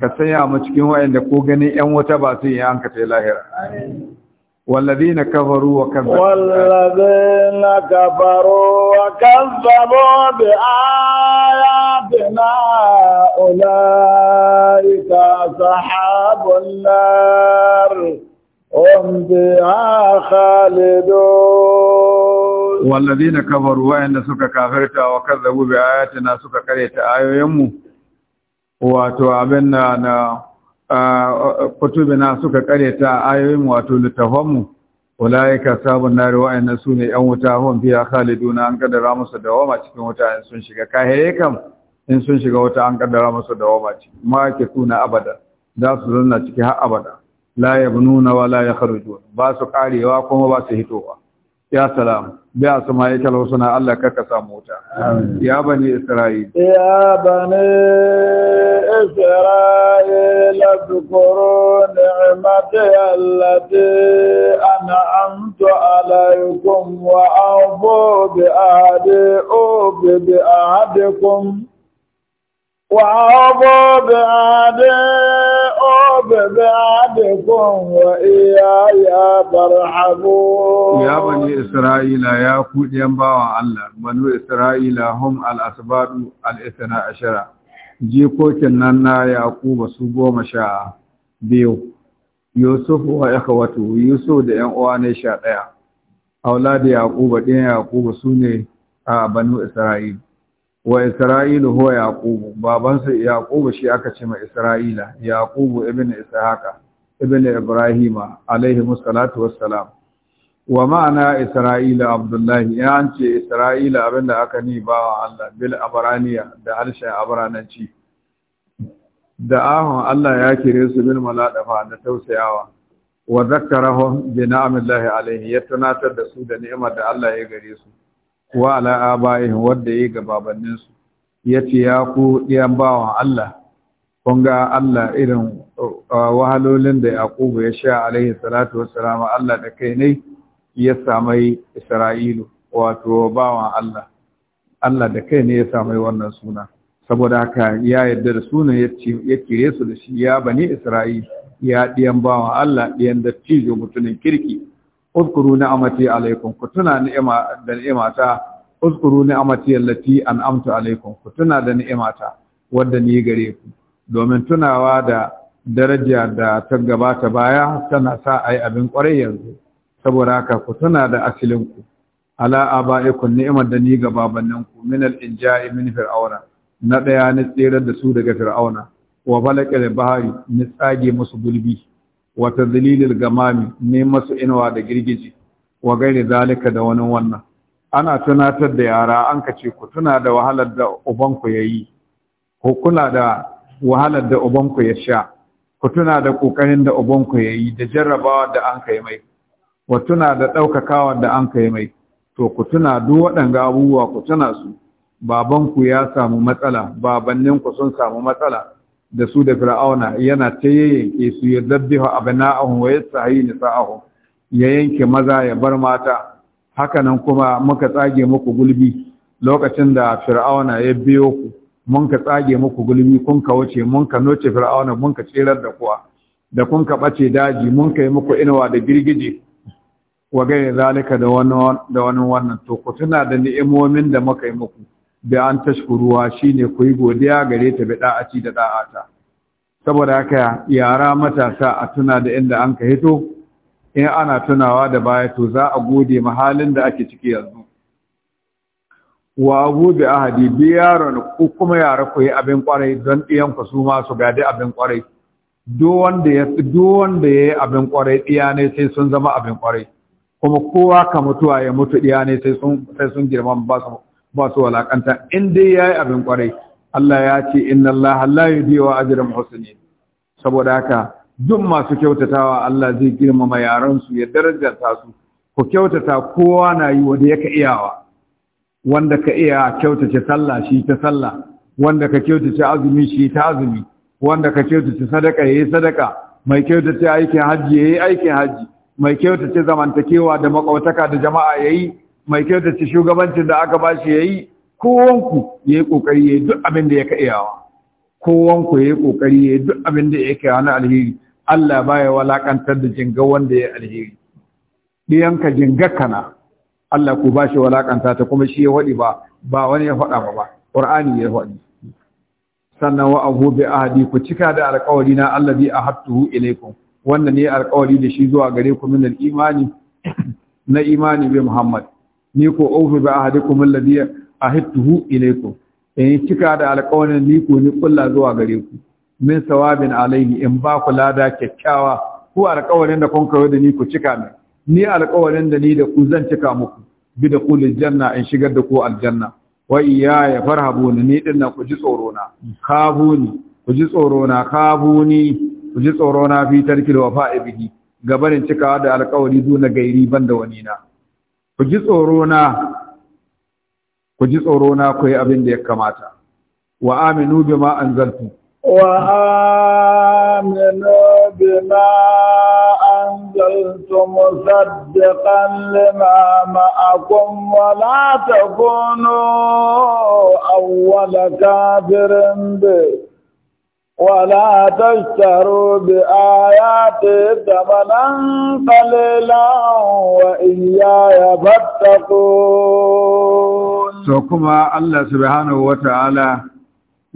ka sanya mu cikin wayanda ko ganin yan wuta ba su yi an ka tai lahira amin والذين كفروا وكذبوا والذين كفروا وكذبوا بآياتنا أولئك أصحاب النار هم بها خالدون والذين كفروا وإن سك كافرت وكذبوا بآياتنا سك كريت آيو يمو وتوابنا kutubina suka ta ayoyin wato littafanmu ka sabon nari na su ne yan wuta hon biya Khalidu na an kaddara musu dawama cikin wuta in sun shiga kahire kam in sun shiga wuta an kaddara musu dawama ciki ma ke tuna abada za su zanna ciki har abada la yabnuna wa la yakhrujun ba su karewa kuma ba su hitowa ya salam bi asma'ikal husna Allah ka ka samu ta ya bani isra'il ya bani isra'il اذكروا نعمتي التي انعمت عليكم واوفوا بعهدي Wa abu وأوفوا بعهدي Ya bani Isra’ila ya kuɗiyan bawa Allah, banu Isra’ila hun al’asibadu al’isana ashira, jikokin nan na Yaƙuba su goma sha biyu, Yusuf wa aka wato, Yusuf da 'yan uwana sha ɗaya, Aulada da Yaƙuba ɗin Yaƙuba su ne a banu Isra’ila. wa isra'ilu huwa yaqubu babansa yaqubu shi aka ce ma isra'ila yaqubu ibn ishaqa ibn ibrahima alaihi musallatu wassalam wa ma'ana isra'ila abdullahi ya ance isra'ila abinda aka ni ba wa Allah bil abraniya da harshen abrananci da ahun Allah ya kire su bil maladafa da tausayawa wa zakkarahum bi ni'amillahi alaihi ya tunatar da su da ni'imar da Allah ya gare su wa ala abaihim wanda yayi ga babanninsu. Ya yace ya ku ɗiyan bawan Allah ƙunga Allah irin wahalolin da Yaqubu ya sha alaihi salatu wassalam Allah da kai ne ya samai Isra'ilu wato bawan Allah Allah da kai ne ya samai wannan suna saboda haka ya yarda da sunan ya kire su da shi ya bani Isra'ilu, ya ɗiyan bawan Allah ɗiyan dattijo mutumin kirki uzkuru ni'amati alaikum ku tuna ni'ima da ni'imata uzkuru ni'amati allati an'amtu alaikum ku tuna da ni'imata wadda ni gare ku domin tunawa da daraja da ta gabata baya tana sa ai abin kwarai yanzu saboda ka ku tuna da asilin ku ala abaikum ni'imar da ni ga babannin ku min al-inja'i min fir'auna na daya ni tsirar da su daga fir'auna wa balaqal bahari ni tsage musu gulbi wata ga gamami ne masu inuwa da girgiji wa gairi zalika da wani wannan ana tunatar da yara an ka ce ku tuna da wahalar da ubanku yi, ko kula da wahalar da ubanku ya sha ku tuna da kokarin da ubanku yi, da jarrabawa da an yi mai wa tuna da ɗaukakawa da an yi mai to ku tuna duk waɗanga abubuwa ku tuna su babanku ya samu matsala babanninku sun samu matsala da su da fir'auna yana ta yayyanke su ya zabbihu abna'ahum wa yastahi nisa'ahum ya yanke maza ya bar mata hakanan kuma muka tsage muku gulbi lokacin da fir'auna ya biyo ku mun ka tsage muku gulbi kun ka wuce mun ka noce fir'auna mun ka cerar da kuwa da kun ka bace daji mun kai yi muku inuwa da girgije wa gaya zalika da wani wannan to ku tuna da ni'imomin da muka yi muku bi an tashkuruwa shine ku yi godiya gare ta bi da'aci da da'ata saboda haka yara matasa a tuna da inda an ka hito in ana tunawa da baya to za a gode ma halin da ake ciki yanzu wa abu ahadi bi yaron ku kuma yara ku yi abin kwarai don ɗiyan ku su ma su gadi abin kwarai duk wanda ya yi abin kwarai ɗiya ne sai sun zama abin kwarai kuma kowa ka mutuwa ya mutu ɗiya ne sai sun girma ba su ba su walakanta in dai yi abin kwarai Allah ya ce inna Allah la yudiyu ajiyar muhsinin saboda haka duk masu kyautatawa Allah zai girmama yaran su ya darajarta su ku kyautata kowa na yi wanda ka iyawa wanda ka iya kyautace sallah shi ta sallah wanda ka kyautace azumi shi ta azumi wanda ka kyautace sadaka ya yi sadaka mai kyautace aikin hajji ya yi aikin hajji mai kyautace zamantakewa da makwataka da jama'a ya yi. mai kyautace shugabancin da aka ba bashi yayi kowanku yayi kokari yayi duk abin da yake iyawa kowanku yayi kokari yayi duk abin da yake na alheri Allah baya walakantar da jinga wanda yayi alheri diyanka jinga kana Allah ku bashi walakanta ta kuma shi ya waɗi ba ba wani ya faɗa ba ba Qur'ani ya faɗi sannan wa abu bi ahadi ku cika da alƙawari na Allah allazi ahadtuhu ilaykum wannan ne alƙawari da shi zuwa gare ku min al-imani na imani bi Muhammad ni ko ofi ba ahadikum alladhi ahidtuhu ilaykum in kika da alƙawarin ni ko ni kulla zuwa gare ku min sawabin alaihi in ba ku lada kyakkyawa ku alƙawarin da kun kawo da ni ku cika min ni alƙawarin da ni da ku zan cika muku bi da kulil janna in shigar da ku aljanna wa iya ya farhabu ni din ku ji tsoro na kabuni ku ji tsoro na kabuni ku ji tsoro na fi tarkil wafa'i bihi gabarin cikawa da alƙawari duna gairi banda wani na ku ji tsoro na ji ku yi abin da ya kamata wa aminu bi ma anzaltu wa aminu bi ma anzaltu musaddiqan lima ma'akum wa la takunu awwala kafirin bih ولا تشتروا بآيات ثمنا قليلا وإياي فاتقون سوكما الله سبحانه وتعالى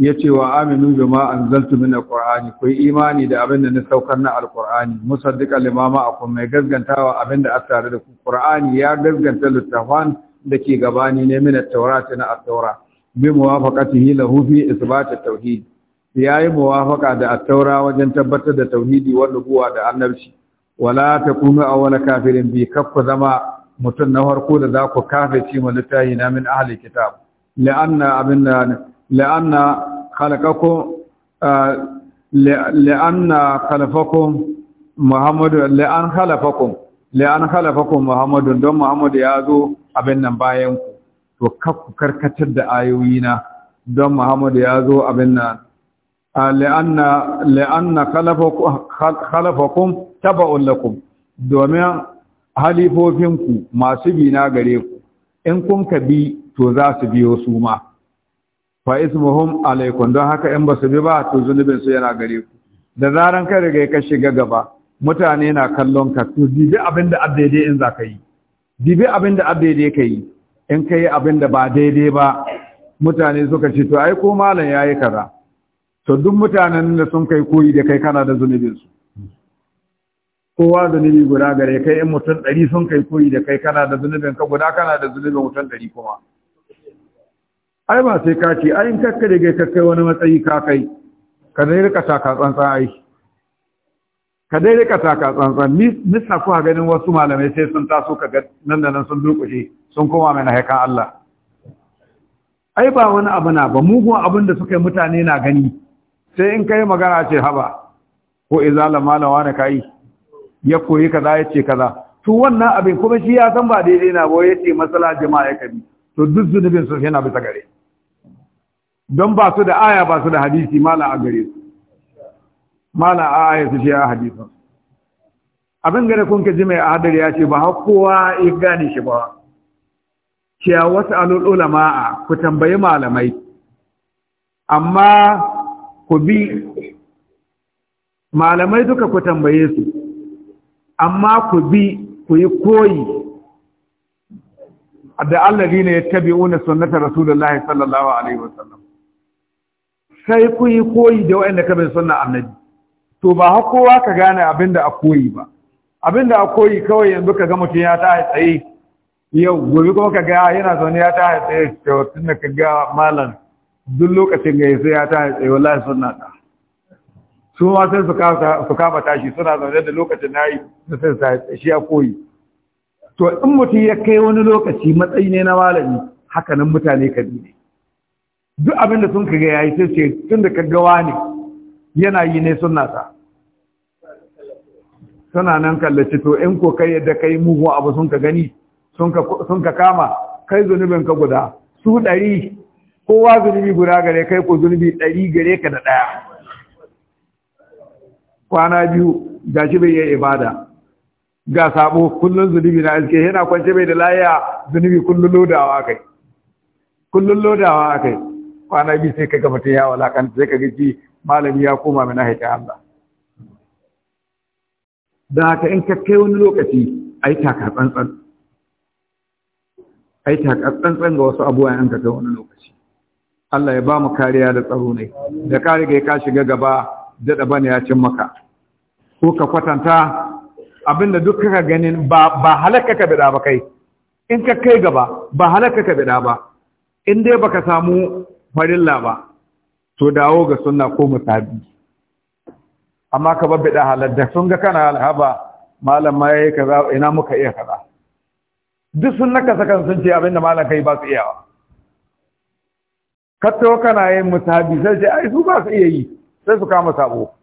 yace wa aminu bima anzaltu min alqur'ani kai imani da abin na saukar na alqur'ani musaddiqa limama akum mai gazgantawa abin da tare da ku ya gazganta littafan da ke gabani ne min at-taurati na at-taura bi muwafaqatihi lahu fi isbat at-tauhid Ya yi muwafaka da Attaura wajen tabbatar da tauhidi wa nubuwa da annabci wala a wani kafirin bi kaffa zama mutum na farko da za ku kafirci ma littafi na min ahli kitab la'anna abinna la'anna khalaqakum uh, la'anna khalafakum muhammadu la'an khalafakum la'an khalafakum muhammadu don muhammadu ya zo abin nan bayan ku to kakku karkatar da ayoyina don muhammadu ya zo abin nan la'anna la'anna khalafakum taba'un lakum domin halifofinku masu bi na gare ku in kun ka bi to za su biyo su ma fa ismuhum alaikum don haka in ba su bi ba to zunubin su yana gare ku da zaran kai riga ka shiga gaba mutane na kallon ka to dibi abin da abdaidai in za ka yi dibi abin da abdaidai ka yi in ka yi abin da ba daidai ba mutane suka ce to ai ko malam yayi kaza to duk mutanen da sun kai koyi da kai kana da zunubinsu kowa zunubi guda gare kai in mutum ɗari sun kai koyi da kai kana da zunubin ka guda kana da zunubin mutum ɗari kuma ai ba sai ka ce ai in kakka da gai kakkai wani matsayi ka kai ka dai rika taka tsantsan ai ka dai rika taka tsantsan nisa kuwa ganin wasu malamai sai sun taso ka nan da nan sun durƙushe sun koma mai na haikan Allah ai ba wani abu na ba mugun abin da suka yi mutane na gani sai in kai magana ce haba ko izala malama na kai ya koyi kaza ya ce kaza to wannan abin kuma shi ya san ba daidai na ba ya ce masala jama'a ya kabi to duk zunubin su yana bisa gare don ba su da aya ba su da hadisi mala a gare su mala a aya su shi a hadisin abin gare kun ka ji mai adar ya ce ba har kowa ya gane shi ba cewa wasu alulama ulama'a ku tambayi malamai amma ku bi malamai duka ku tambaye su amma ku bi ku yi koyi da Allah ne ya tabi una sunnata rasulullahi sallallahu alaihi wasallam sai ku yi koyi da wa'anda ka bin sunna annabi to ba har kowa ka gane abinda a koyi ba abinda a koyi kawai yanzu ka ga mutum ya ta tsaye yau gobe kuma ka ga yana zaune ya ta tsaye to tun da ka ga malam duk lokacin ga yasa ya ta tsaye wallahi sunna ta su ma sai su kama tashi suna zaune da lokacin na yi da sai shi ya koyi to in mutum ya kai wani lokaci matsayi ne na malami haka nan mutane ka bi ne duk abin da sun kaga yayi sai ce tun da kaga ne yana yi ne sunna ta suna nan kallaci to in ko kai yadda kai mugu abu sun ka gani sun ka kama kai zunubin ka guda su ɗari kowa zunubi guda gare kai ko zunubi ɗari gare ka da ɗaya kwana biyu ga shi bai yi ibada ga sabo kullum zunubi na iske yana kwance bai da layya zunubi kullum lodawa kai kullum lodawa kai kwana biyu sai kaga mutum ya walakanta sai kaga ji malami ya koma mana haƙi Allah da haka in ka kai wani lokaci ai taka tsantsan ai taka tsantsan ga wasu abuwa in ka kai wani lokaci Allah ya ba mu kariya da tsaro ne da ka riga ka shiga gaba daɗa bane ya cin maka ko ka kwatanta abinda duk kaka ganin ba halakka ka bida ba kai in ka kai gaba ba halakka ka bida ba in dai baka samu farilla ba to dawo ga suna ko musabi amma ka babbida halar da sun ga kana alhaba malam ma yi kaza ina muka iya kaza duk sun naka sakan sun ce abinda malam kai ba su iyawa ka kana yin musabi sai ce ai su ba su iya yi sai su kama sabo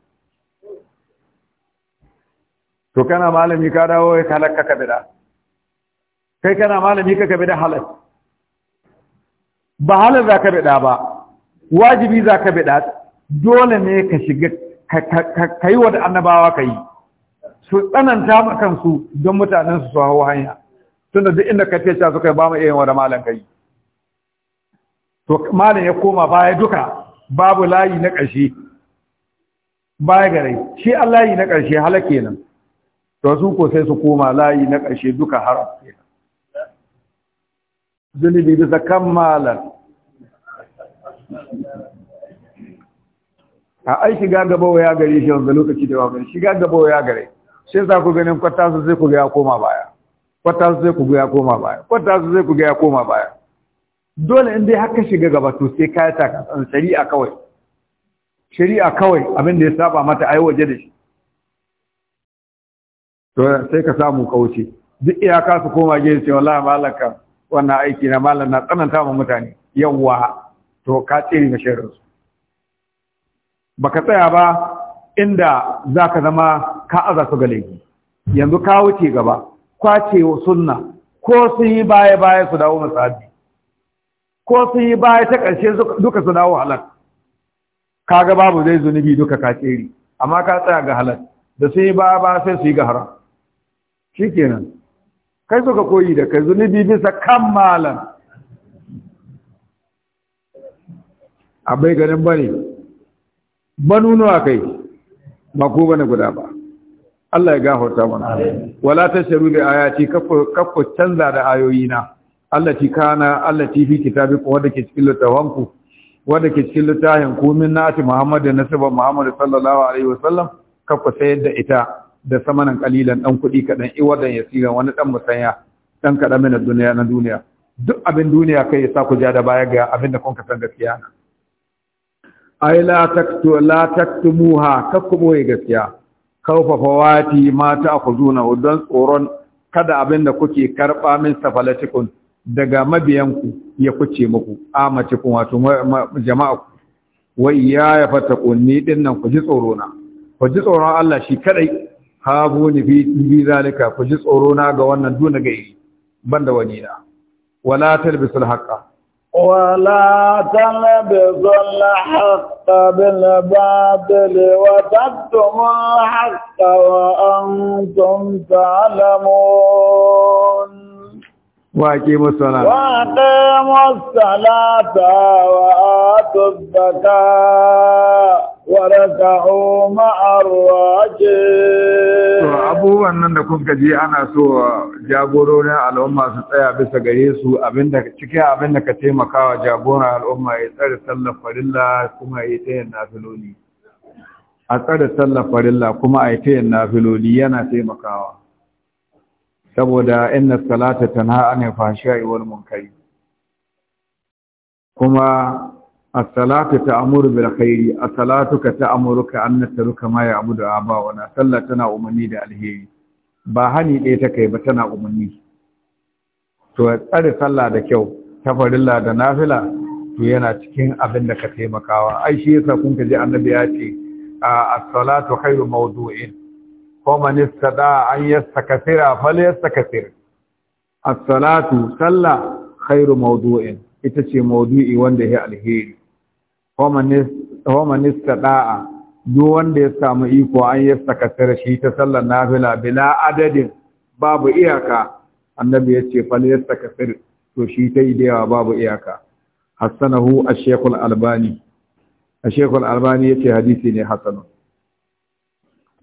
to kana malami ka dawo ka halaka ka bida kai kana malami ka ka bida halal ba halal za ka bida ba wajibi za ka bida dole ne ka shiga ka yi wa da annabawa ka yi su tsananta makansu kansu don mutanen su su hawa hanya tunda duk inda ka ce suka ba mu iya yin wa malam ka yi to malam ya koma baya duka babu layi na ƙarshe baya gare shi an layi na ƙarshe hala kenan to su ko sai su koma layi na ƙarshe duka har kenan zunubi bisa kan kammala. a ai shiga gaba wa ya gare shi yanzu lokaci da wakar shiga gaba wa ya gare sai za ku ganin kwata su sai ku ga ya koma baya kwata su sai ku ga ya koma baya kwata su sai ku ga ya koma baya dole in dai haka shiga gaba to sai ka ta shari'a kawai shari'a kawai abin da ya saba mata ai waje da shi to sai ka samu kauce duk iyaka su koma gidan ce wallahi malaka wannan aiki na malam na tsananta ma mutane yawwa to ka tsere na shirin su baka tsaya ba inda zaka zama ka aza su ga laifi yanzu ka wuce gaba kwace sunna ko sun yi baya baya su dawo masahabi ko sun yi baya ta ƙarshe duka su dawo halal kaga babu zai zunubi duka ka tsere amma ka tsaya ga halal da sun yi baya ba sai su yi ga haram Shi kenan, kai suka koyi da kai zunubi bisa kan malam abai ganin bane banunuwa kai ba ko bane guda ba Allah ya gafarta mana wala tasharu bi ayati kafa kafa canza da ayoyina allati kana allati fi kitabikum wadda ke cikin littafanku wadda ke cikin littafin ku min nati Muhammad da nasaba Muhammad sallallahu alaihi wasallam ku sayar da ita da samanan kalilan dan kudi kadan i wadan yasiran wani dan musanya dan kadan min duniya na duniya duk abin duniya kai ya sa ku ja da baya ga abin da kun ka san gaskiya na ai la taktu la taktumuha boye gaskiya kaufa fawati mata akuzuna udan tsoron kada abin da kuke karba min safalatikun daga mabiyanku ya kuce muku amace kun wato jama'a ku wai ya ya fata kunni din nan ku ji tsoro na ku ji tsoron Allah shi kadai habu ni fi bi zalika ku ji tsoro na ga wannan duna ga yi banda wani na wala talbisul haqa bil تلبسوا wa بالباطل haqa wa antum ta'lamun وأقيموا الصلاة وأقيموا الصلاة وآتوا الزكاة وركعوا مع الراجعين abubuwan nan da kun je ana so jagororin al'umma su tsaya bisa gare su abinda cikin abinda ka taimakawa jagoran al'umma ya tsare sallar farilla kuma ya ta yin nafiloli a tsare sallar farilla kuma a yi ta nafiloli yana taimakawa saboda inna salata tanha anil fahsha'i wal munkari kuma as-salatu ta'muru bil khairi as-salatu ka ka an taruka ma ya'budu abawana sallah tana umarni da alheri ba hani ɗaya ta kai ba tana umarni to tsare sallah da kyau tafarilla da nafila to yana cikin abin da ka taimakawa ai shi yasa kun ji annabi ya ce as-salatu khairu mawdu'in ومن استطاع أن يستكثر فليستكثر الصلاة صلى خير موضوع itace maudu'i wanda ya alheri ومن استطاع duk wanda ya samu iko an yi sakasar shi ta sallar nafila bila adadin babu iyaka annabi ya ce fal ya sakasar to shi ta yi da yawa babu iyaka hassanahu a shekul albani a shekul albani ya ce hadisi ne hassanun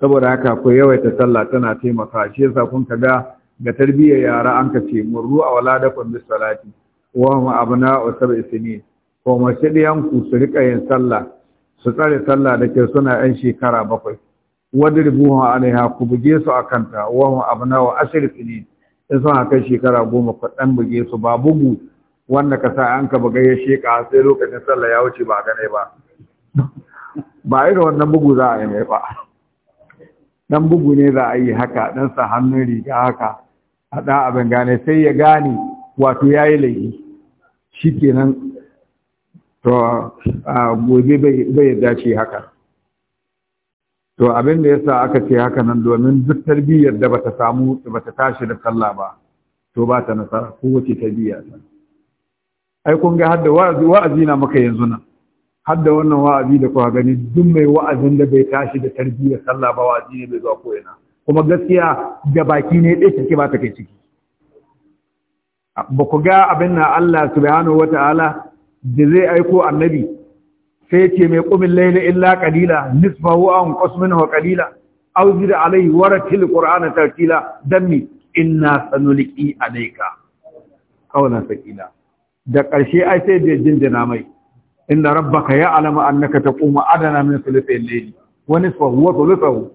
saboda haka ku yawaita sallah tana taimaka shi yasa kun kaga ga tarbiyyar yara an ka ce murru a kun bi salati wa ma wa sab'i sini ko mace diyan ku su rika yin sallah su tsare sallah da ke suna yan shekara bakwai rubuwa alaiha ku buge su a akanta wa ma wa asir sini in sun kai shekara goma ku dan buge su ba bugu wanda ka sa an ka buga ya sheka sai lokacin sallah ya wuce ba gane ba ba irin wannan bugu za a yi mai ba Ɗan bugu ne za a yi haka ɗansa hannun riga haka a ɗan abin gane sai ya gane wato ya yi laifi Shi nan, to gobe bai dace haka to abin da ya sa aka ce haka nan domin duk tarbiyyar da bata samu bata tashi da sallah ba to ba ta nasara ko wace tarbiyya ta ai kun ga hadda wa'azi na maka yanzu nan har da wannan wa'azi da kuka gani duk mai wa'azin da bai tashi da tarbiyyar sallah ba wa'azi ne bai zuwa koyana kuma gaskiya da baki ne ɗaya ciki ba ta kai ciki ba ku ga abin na Allah subhanahu ta'ala da zai aiko annabi sai ce mai kumin laila illa qalila nisfahu aw qas minhu qalila aw zid alayhi waratil qur'ana tartila dammi inna sanulqi alayka kauna saqila da ƙarshe ai sai da jinjina mai inna rabbaka alama annaka taqumu adana min thuluthi al-layli wa nisfahu wa thuluthahu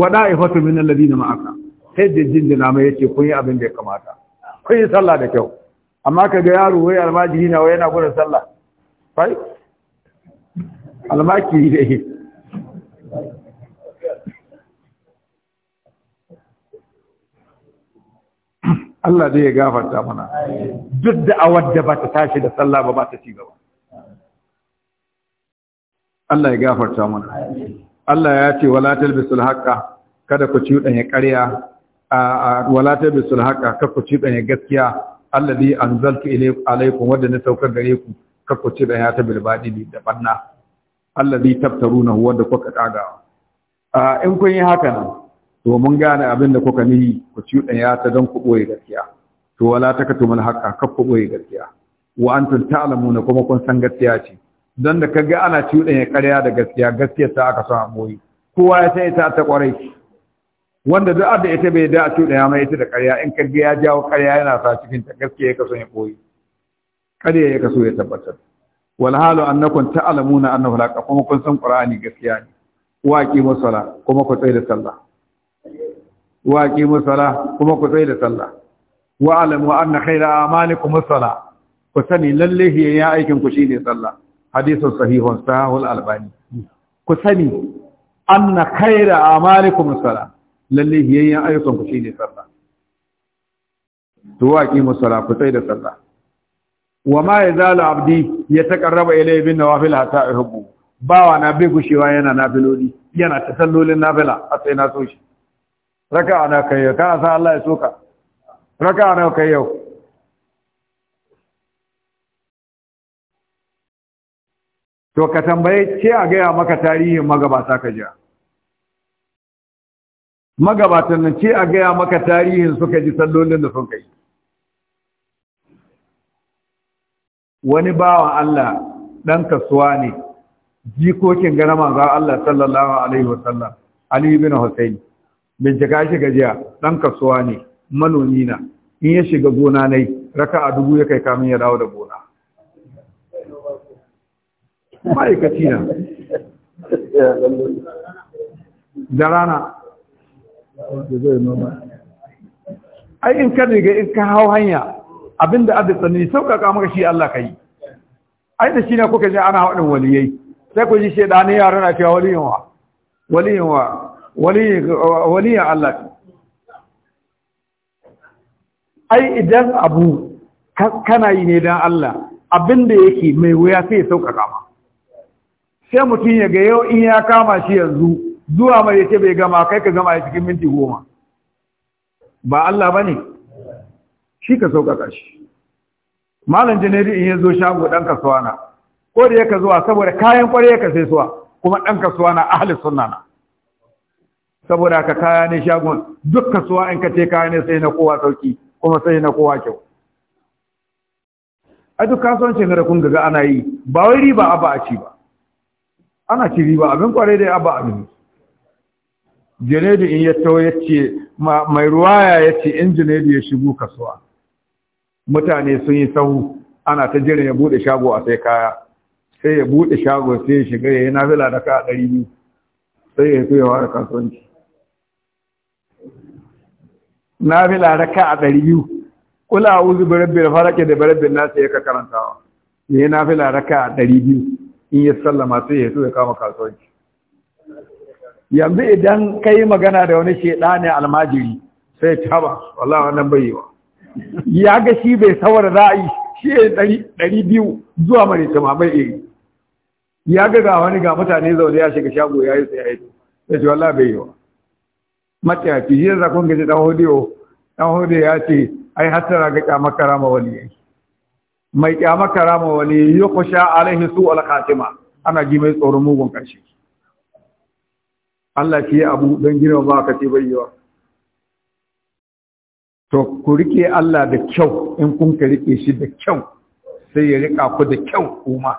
wa da'ifatu min alladhina ma'aka sai da jindina mai yace kun yi abin da ya kamata kun yi sallah da kyau amma kaga yaro wai almajiri na wai yana gura sallah fai almaki dai Allah zai ya gafarta mana duk da awadda ba ta tashi da sallah ba ba ta ci gaba Allah ya gafarta mana Allah ya ce wala talbisul haqqa kada ku ci dan ya ƙarya wala talbisul haqqa kada ku ci dan ya gaskiya alladhi anzaltu ilaykum wa na saukar gare ku kada ku ci dan ya tabil badili da banna alladhi tabtaruna da kuka kaga in kun yi haka nan to mun gane abin da kuka nihi ku ci dan ya ta don ku boye gaskiya to wala takatumul haqqa kada ku boye gaskiya wa antum ta'lamuna kuma kun san gaskiya ce don da kaga ana cuɗanya ƙarya da gaskiya gaskiya ta aka son boye kowa ya san ita ta kwarai wanda duk abin ita bai da cuɗanya mai ita da ƙarya in kaga ya jawo ƙarya yana sa cikin ta gaskiya ya kaso ya boyi ƙarya ya kaso ya tabbatar wal halu annakum ta'lamuna annahu la kuma kun san qur'ani gaskiya ne wa aqimu salla kuma ku tsaya da sallah wa aqimu salla kuma ku tsaya da sallah wa alamu anna khayra a'malikum as-salah ku sani lalle ya aikin ku shine sallah hadisin sahihun sahihul albani ku sani an na anna khayra amalikum sala lalle yayyan ayyukan ku shine sallah to waqi musala ku tsai da sallah wa ma yazalu abdi yataqarraba ilayhi bin nawafil hatta yuhibbu bawa na bai gushewa yana nafiloli yana ta sallolin nafila a sai na so shi raka'a na kai yau, ka sa Allah ya soka raka'a na kai yau to ka tambaye ce a gaya maka tarihin magabata ka ja magabatan nan ce a gaya maka tarihin suka ji sallolin da sun kai wani bawan Allah ɗan kasuwa ne jikokin gana za Allah sallallahu alaihi wasallam Ali bin Hussein bincika shi gajiya ɗan kasuwa ne manomi na in ya shiga gona nai raka a dubu ya kai kamin ya dawo da gona ma'aikaci na da rana ai in ka riga in ka hau hanya abinda abin tsanani sauƙaƙa maka shi Allah ka yi ai da shi na kuka ji ana haɗin waliyai sai ku ji shaidanin yara na cewa waliyin wa waliyin wa waliyin Allah ai idan abu kana yi ne don Allah abinda yake mai wuya sai ya sauƙaƙa maka sai mutum ya ga yau in ya kama shi yanzu zuwa mai yake bai gama kai ka gama cikin minti goma ba Allah ba ne shi ka sauƙaƙa shi malam janairu in ya zo shago ɗan kasuwa na ko da yaka zuwa saboda kayan ƙwarai ya sai suwa kuma ɗan kasuwa na ahli sunna na saboda ka kaya ne shagon duk kasuwa in ka ce kaya ne sai na kowa sauki kuma sai na kowa kyau a duk kasuwancin da kun ga ana yi ba wai riba a ba a ci ba ana ci riba abin kware dai abba abin janedi in ya tawo ya ce mai ruwaya ya ce in janedi ya shigo kasuwa mutane sun yi sahu ana ta jiran ya bude shago a sai kaya sai ya bude shago sai ya shiga ya yi nazila da ka a ɗari biyu sai ya fito ya ware kasuwanci nazila da ka a ɗari biyu kula a wuzi barabbi fara farake da barabbi nasa ya ka karantawa ya yi nazila da ka a ɗari biyu in ya sallama sai ya so ya kama kasuwanci yanzu idan ka yi magana da wani shaidani almajiri sai ta ba wannan bai yi ba ya ga shi bai sawar ra'ayi shi ya ɗari biyu zuwa mai tama bai iri ya ga ga wani ga mutane zaune ya shiga shago ya yi tsaye ya ce wallahi bai yi ba matsayaci shi ya zakon gaji ɗan hudu ɗan ya ce ai hattara ga kyamar karama wani yanki mai kyama karama wani yukusha alaihi su alkatima ana ji mai tsoron mugun ƙarshe Allah ke abu don gina ba ka ce bayyawa to ku rike Allah da kyau in kun ka rike shi da kyau sai ya rika ku da kyau kuma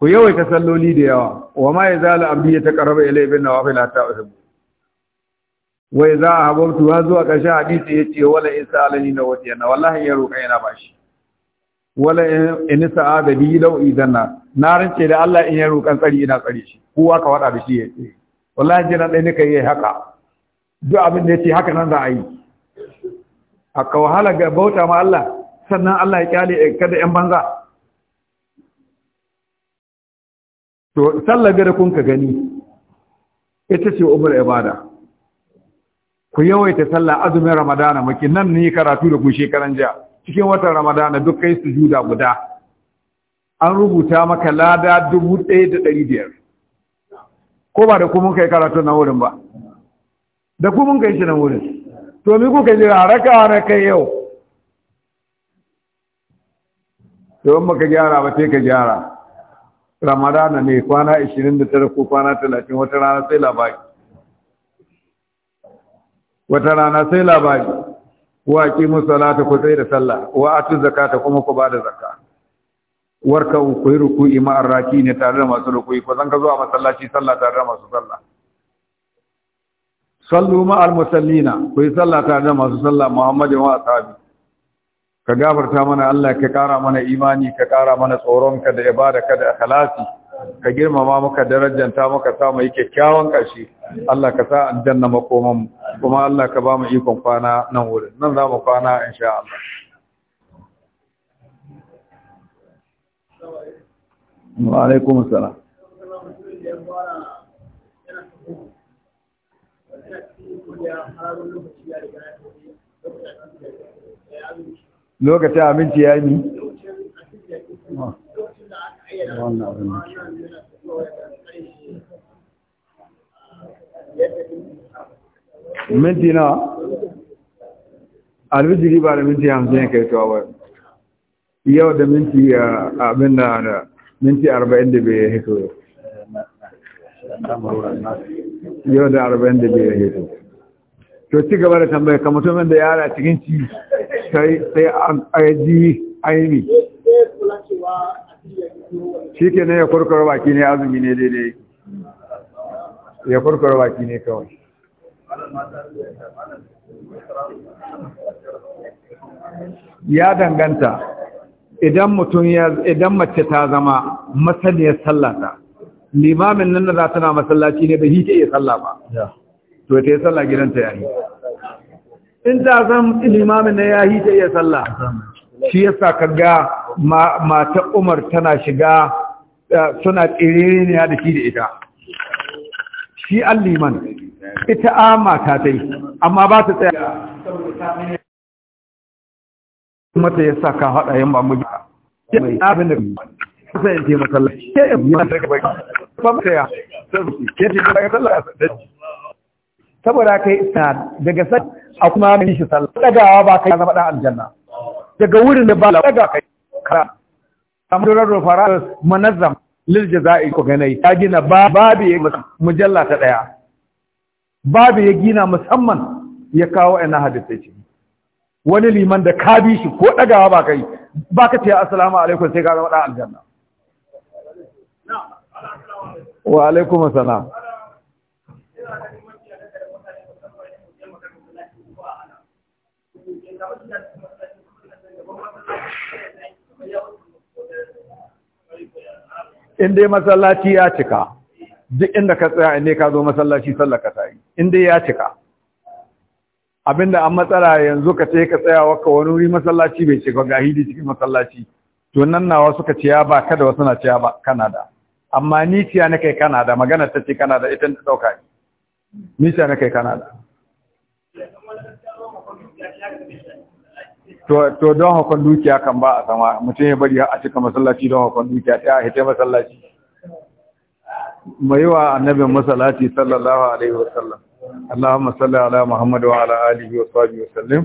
ku yawaita salloli da yawa wa ma yazalu abdi yataqarrabu ilayhi bin nawafil hatta uhibbu wa a ahabtu wa zuwa ƙarshen hadisi ce wala in alani na na? wallahi ya roƙa yana bashi wala in sa'ada bi law idanna na rance da Allah in ya roƙan tsari ina tsare shi kowa ka wada da shi ya ce wallahi jina dai nika yi haka duk abin da yace haka nan za a yi a wahala ga bauta ma Allah sannan Allah ya kyale eh, kada yan banza to sallah gare kun ka gani ita ce umar ibada ku yawaita sallah azumin ramadana maki nan ne karatu da ku shekaran jiya cikin watan ramadana duk kai su juda guda an rubuta maka lada dubu ɗaya da ɗari biyar ko ba da kuma kai karatu na wurin ba da kuma mun kai shi na wurin to mi kuka jira raka na kai yau to in baka gyara ba sai ka gyara ramadana ne kwana 29 ko kwana 30 wata rana sai labari wata rana sai labari wa aqimu salata ku tsaya da sallah wa atu zakata kuma ku bada zakka warka ku yi ruku'i ma arraki ne tare da masu ruku'i ko zan ka zuwa masallaci sallah tare da masu sallah sallu ma al musallina ku yi sallah tare da masu sallah muhammadu wa ashabi ka gafarta mana Allah ka kara mana imani ka kara mana tsoron ka da ibada ka da ikhlasi ka girmama muka darajanta muka sa mu yi kyakkyawan kashi Allah ka sa aljanna makoman mu kuma Allah ka ba mu ikon kwana nan wurin nan za mu kwana insha Allah wa alaikum assalam lokacin abinci ya yi minti nawa alfijiri ba da minti hamsin ya kai tuwa yau da minti abin da minti arba'in da bai hito yau yau da arba'in da bai hito to ci gaba da tambaya ka mutumin da yara cikin ci sai an aji aini shi ke ya kurkura baki ne azumi ne daidai ya kurkura baki ne kawai ya danganta idan mutum ya idan mace ta zama masaniyar sallata limamin nan da za ta na masallaci ne bai ke iya salla ba to ta yi salla, gidanta ya yi. in ta san limamin na ya hike iya salla, shi yasa kaga mata Umar tana shiga suna tsireniya da shi da ita shi alliman ita ama ta ta amma ba ta tsaya kuma ya sa ka haɗa yin ba mu mai abin da kusa yin taimaka lafiya ya yi wani daga bai famta ya ke ce daga sallah saboda kai ina daga sai a kuma mai shi sallah ɗagawa ba kai zama ɗan aljanna daga wurin da ba daga kai kara Yi farar manazzam lil jaza'i ko ganai ta gina babu ya mujalla ta ɗaya babu ya gina musamman ya kawo ina hadisai ce wani liman da ka bi shi ko ɗagawa ba kai ba ka ce asalamu alaikum sai ka zama dan aljanna wa alaikum Yeah. in dai masallaci ya cika duk inda ka tsaya inda ka zo masallaci sallar ka yi, in dai ya cika abinda an matsala yanzu ka ce ka tsaya waka wani wuri masallaci bai cika ga hidi cikin masallaci to nan nawa suka ce ya ba kada wasu na ce ba kana amma ni ciya na kai kanada, da magana ta ce kana ita ta dauka ni ciya na kai kana to don hakan dukiya kan ba a sama mutum ya bari a cika masallaci don hakan dukiya ta hita masallaci mai wa annabin masallaci sallallahu alaihi wa sallam. Allahumma salli ala Muhammad wa ala alihi wa sahbihi wa sallim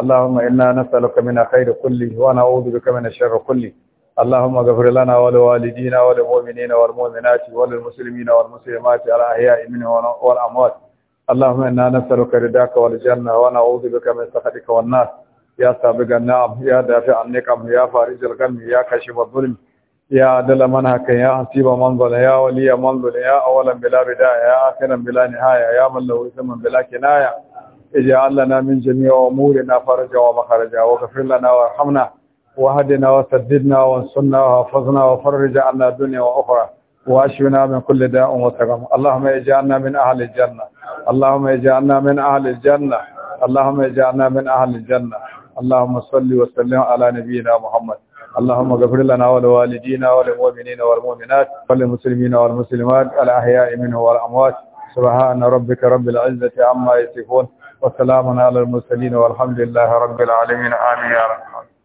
Allahumma inna nas'aluka min khayri kulli wa na'udhu bika min sharri kulli Allahumma ghfir lana wa li walidina wa lil mu'minina wal mu'minati wa lil muslimina wal muslimati al ahya'i minhum wal amwat Allahumma inna nas'aluka ridaka wal janna wa na'udhu bika min sakhatika wan nar ya sabiga na'am ya dafi annikam ya farijal gami ya kashi babbulm ya adala man hakan ya asiba man zala ya waliya man zala ya awalan bila bidaya ya akhiran bila nihaya ya man lahu isman bila kinaya ija'al lana min jami'i umurina faraja wa makharaja wa ghfir lana warhamna واهدنا وسددنا وانصرنا وحفظنا وفرج عنا دنيا واخرى واشفنا من كل داء وسقم اللهم اجعلنا من اهل الجنه اللهم اجعلنا من اهل الجنه اللهم اجعلنا من اهل الجنه اللهم صل وسلم على نبينا محمد اللهم اغفر لنا ولوالدينا وللمؤمنين والمؤمنات وللمسلمين والمسلمات الأحياء منه والأموات سبحان ربك رب العزة عما يصفون وسلام على المرسلين والحمد لله رب العالمين آمين يا رب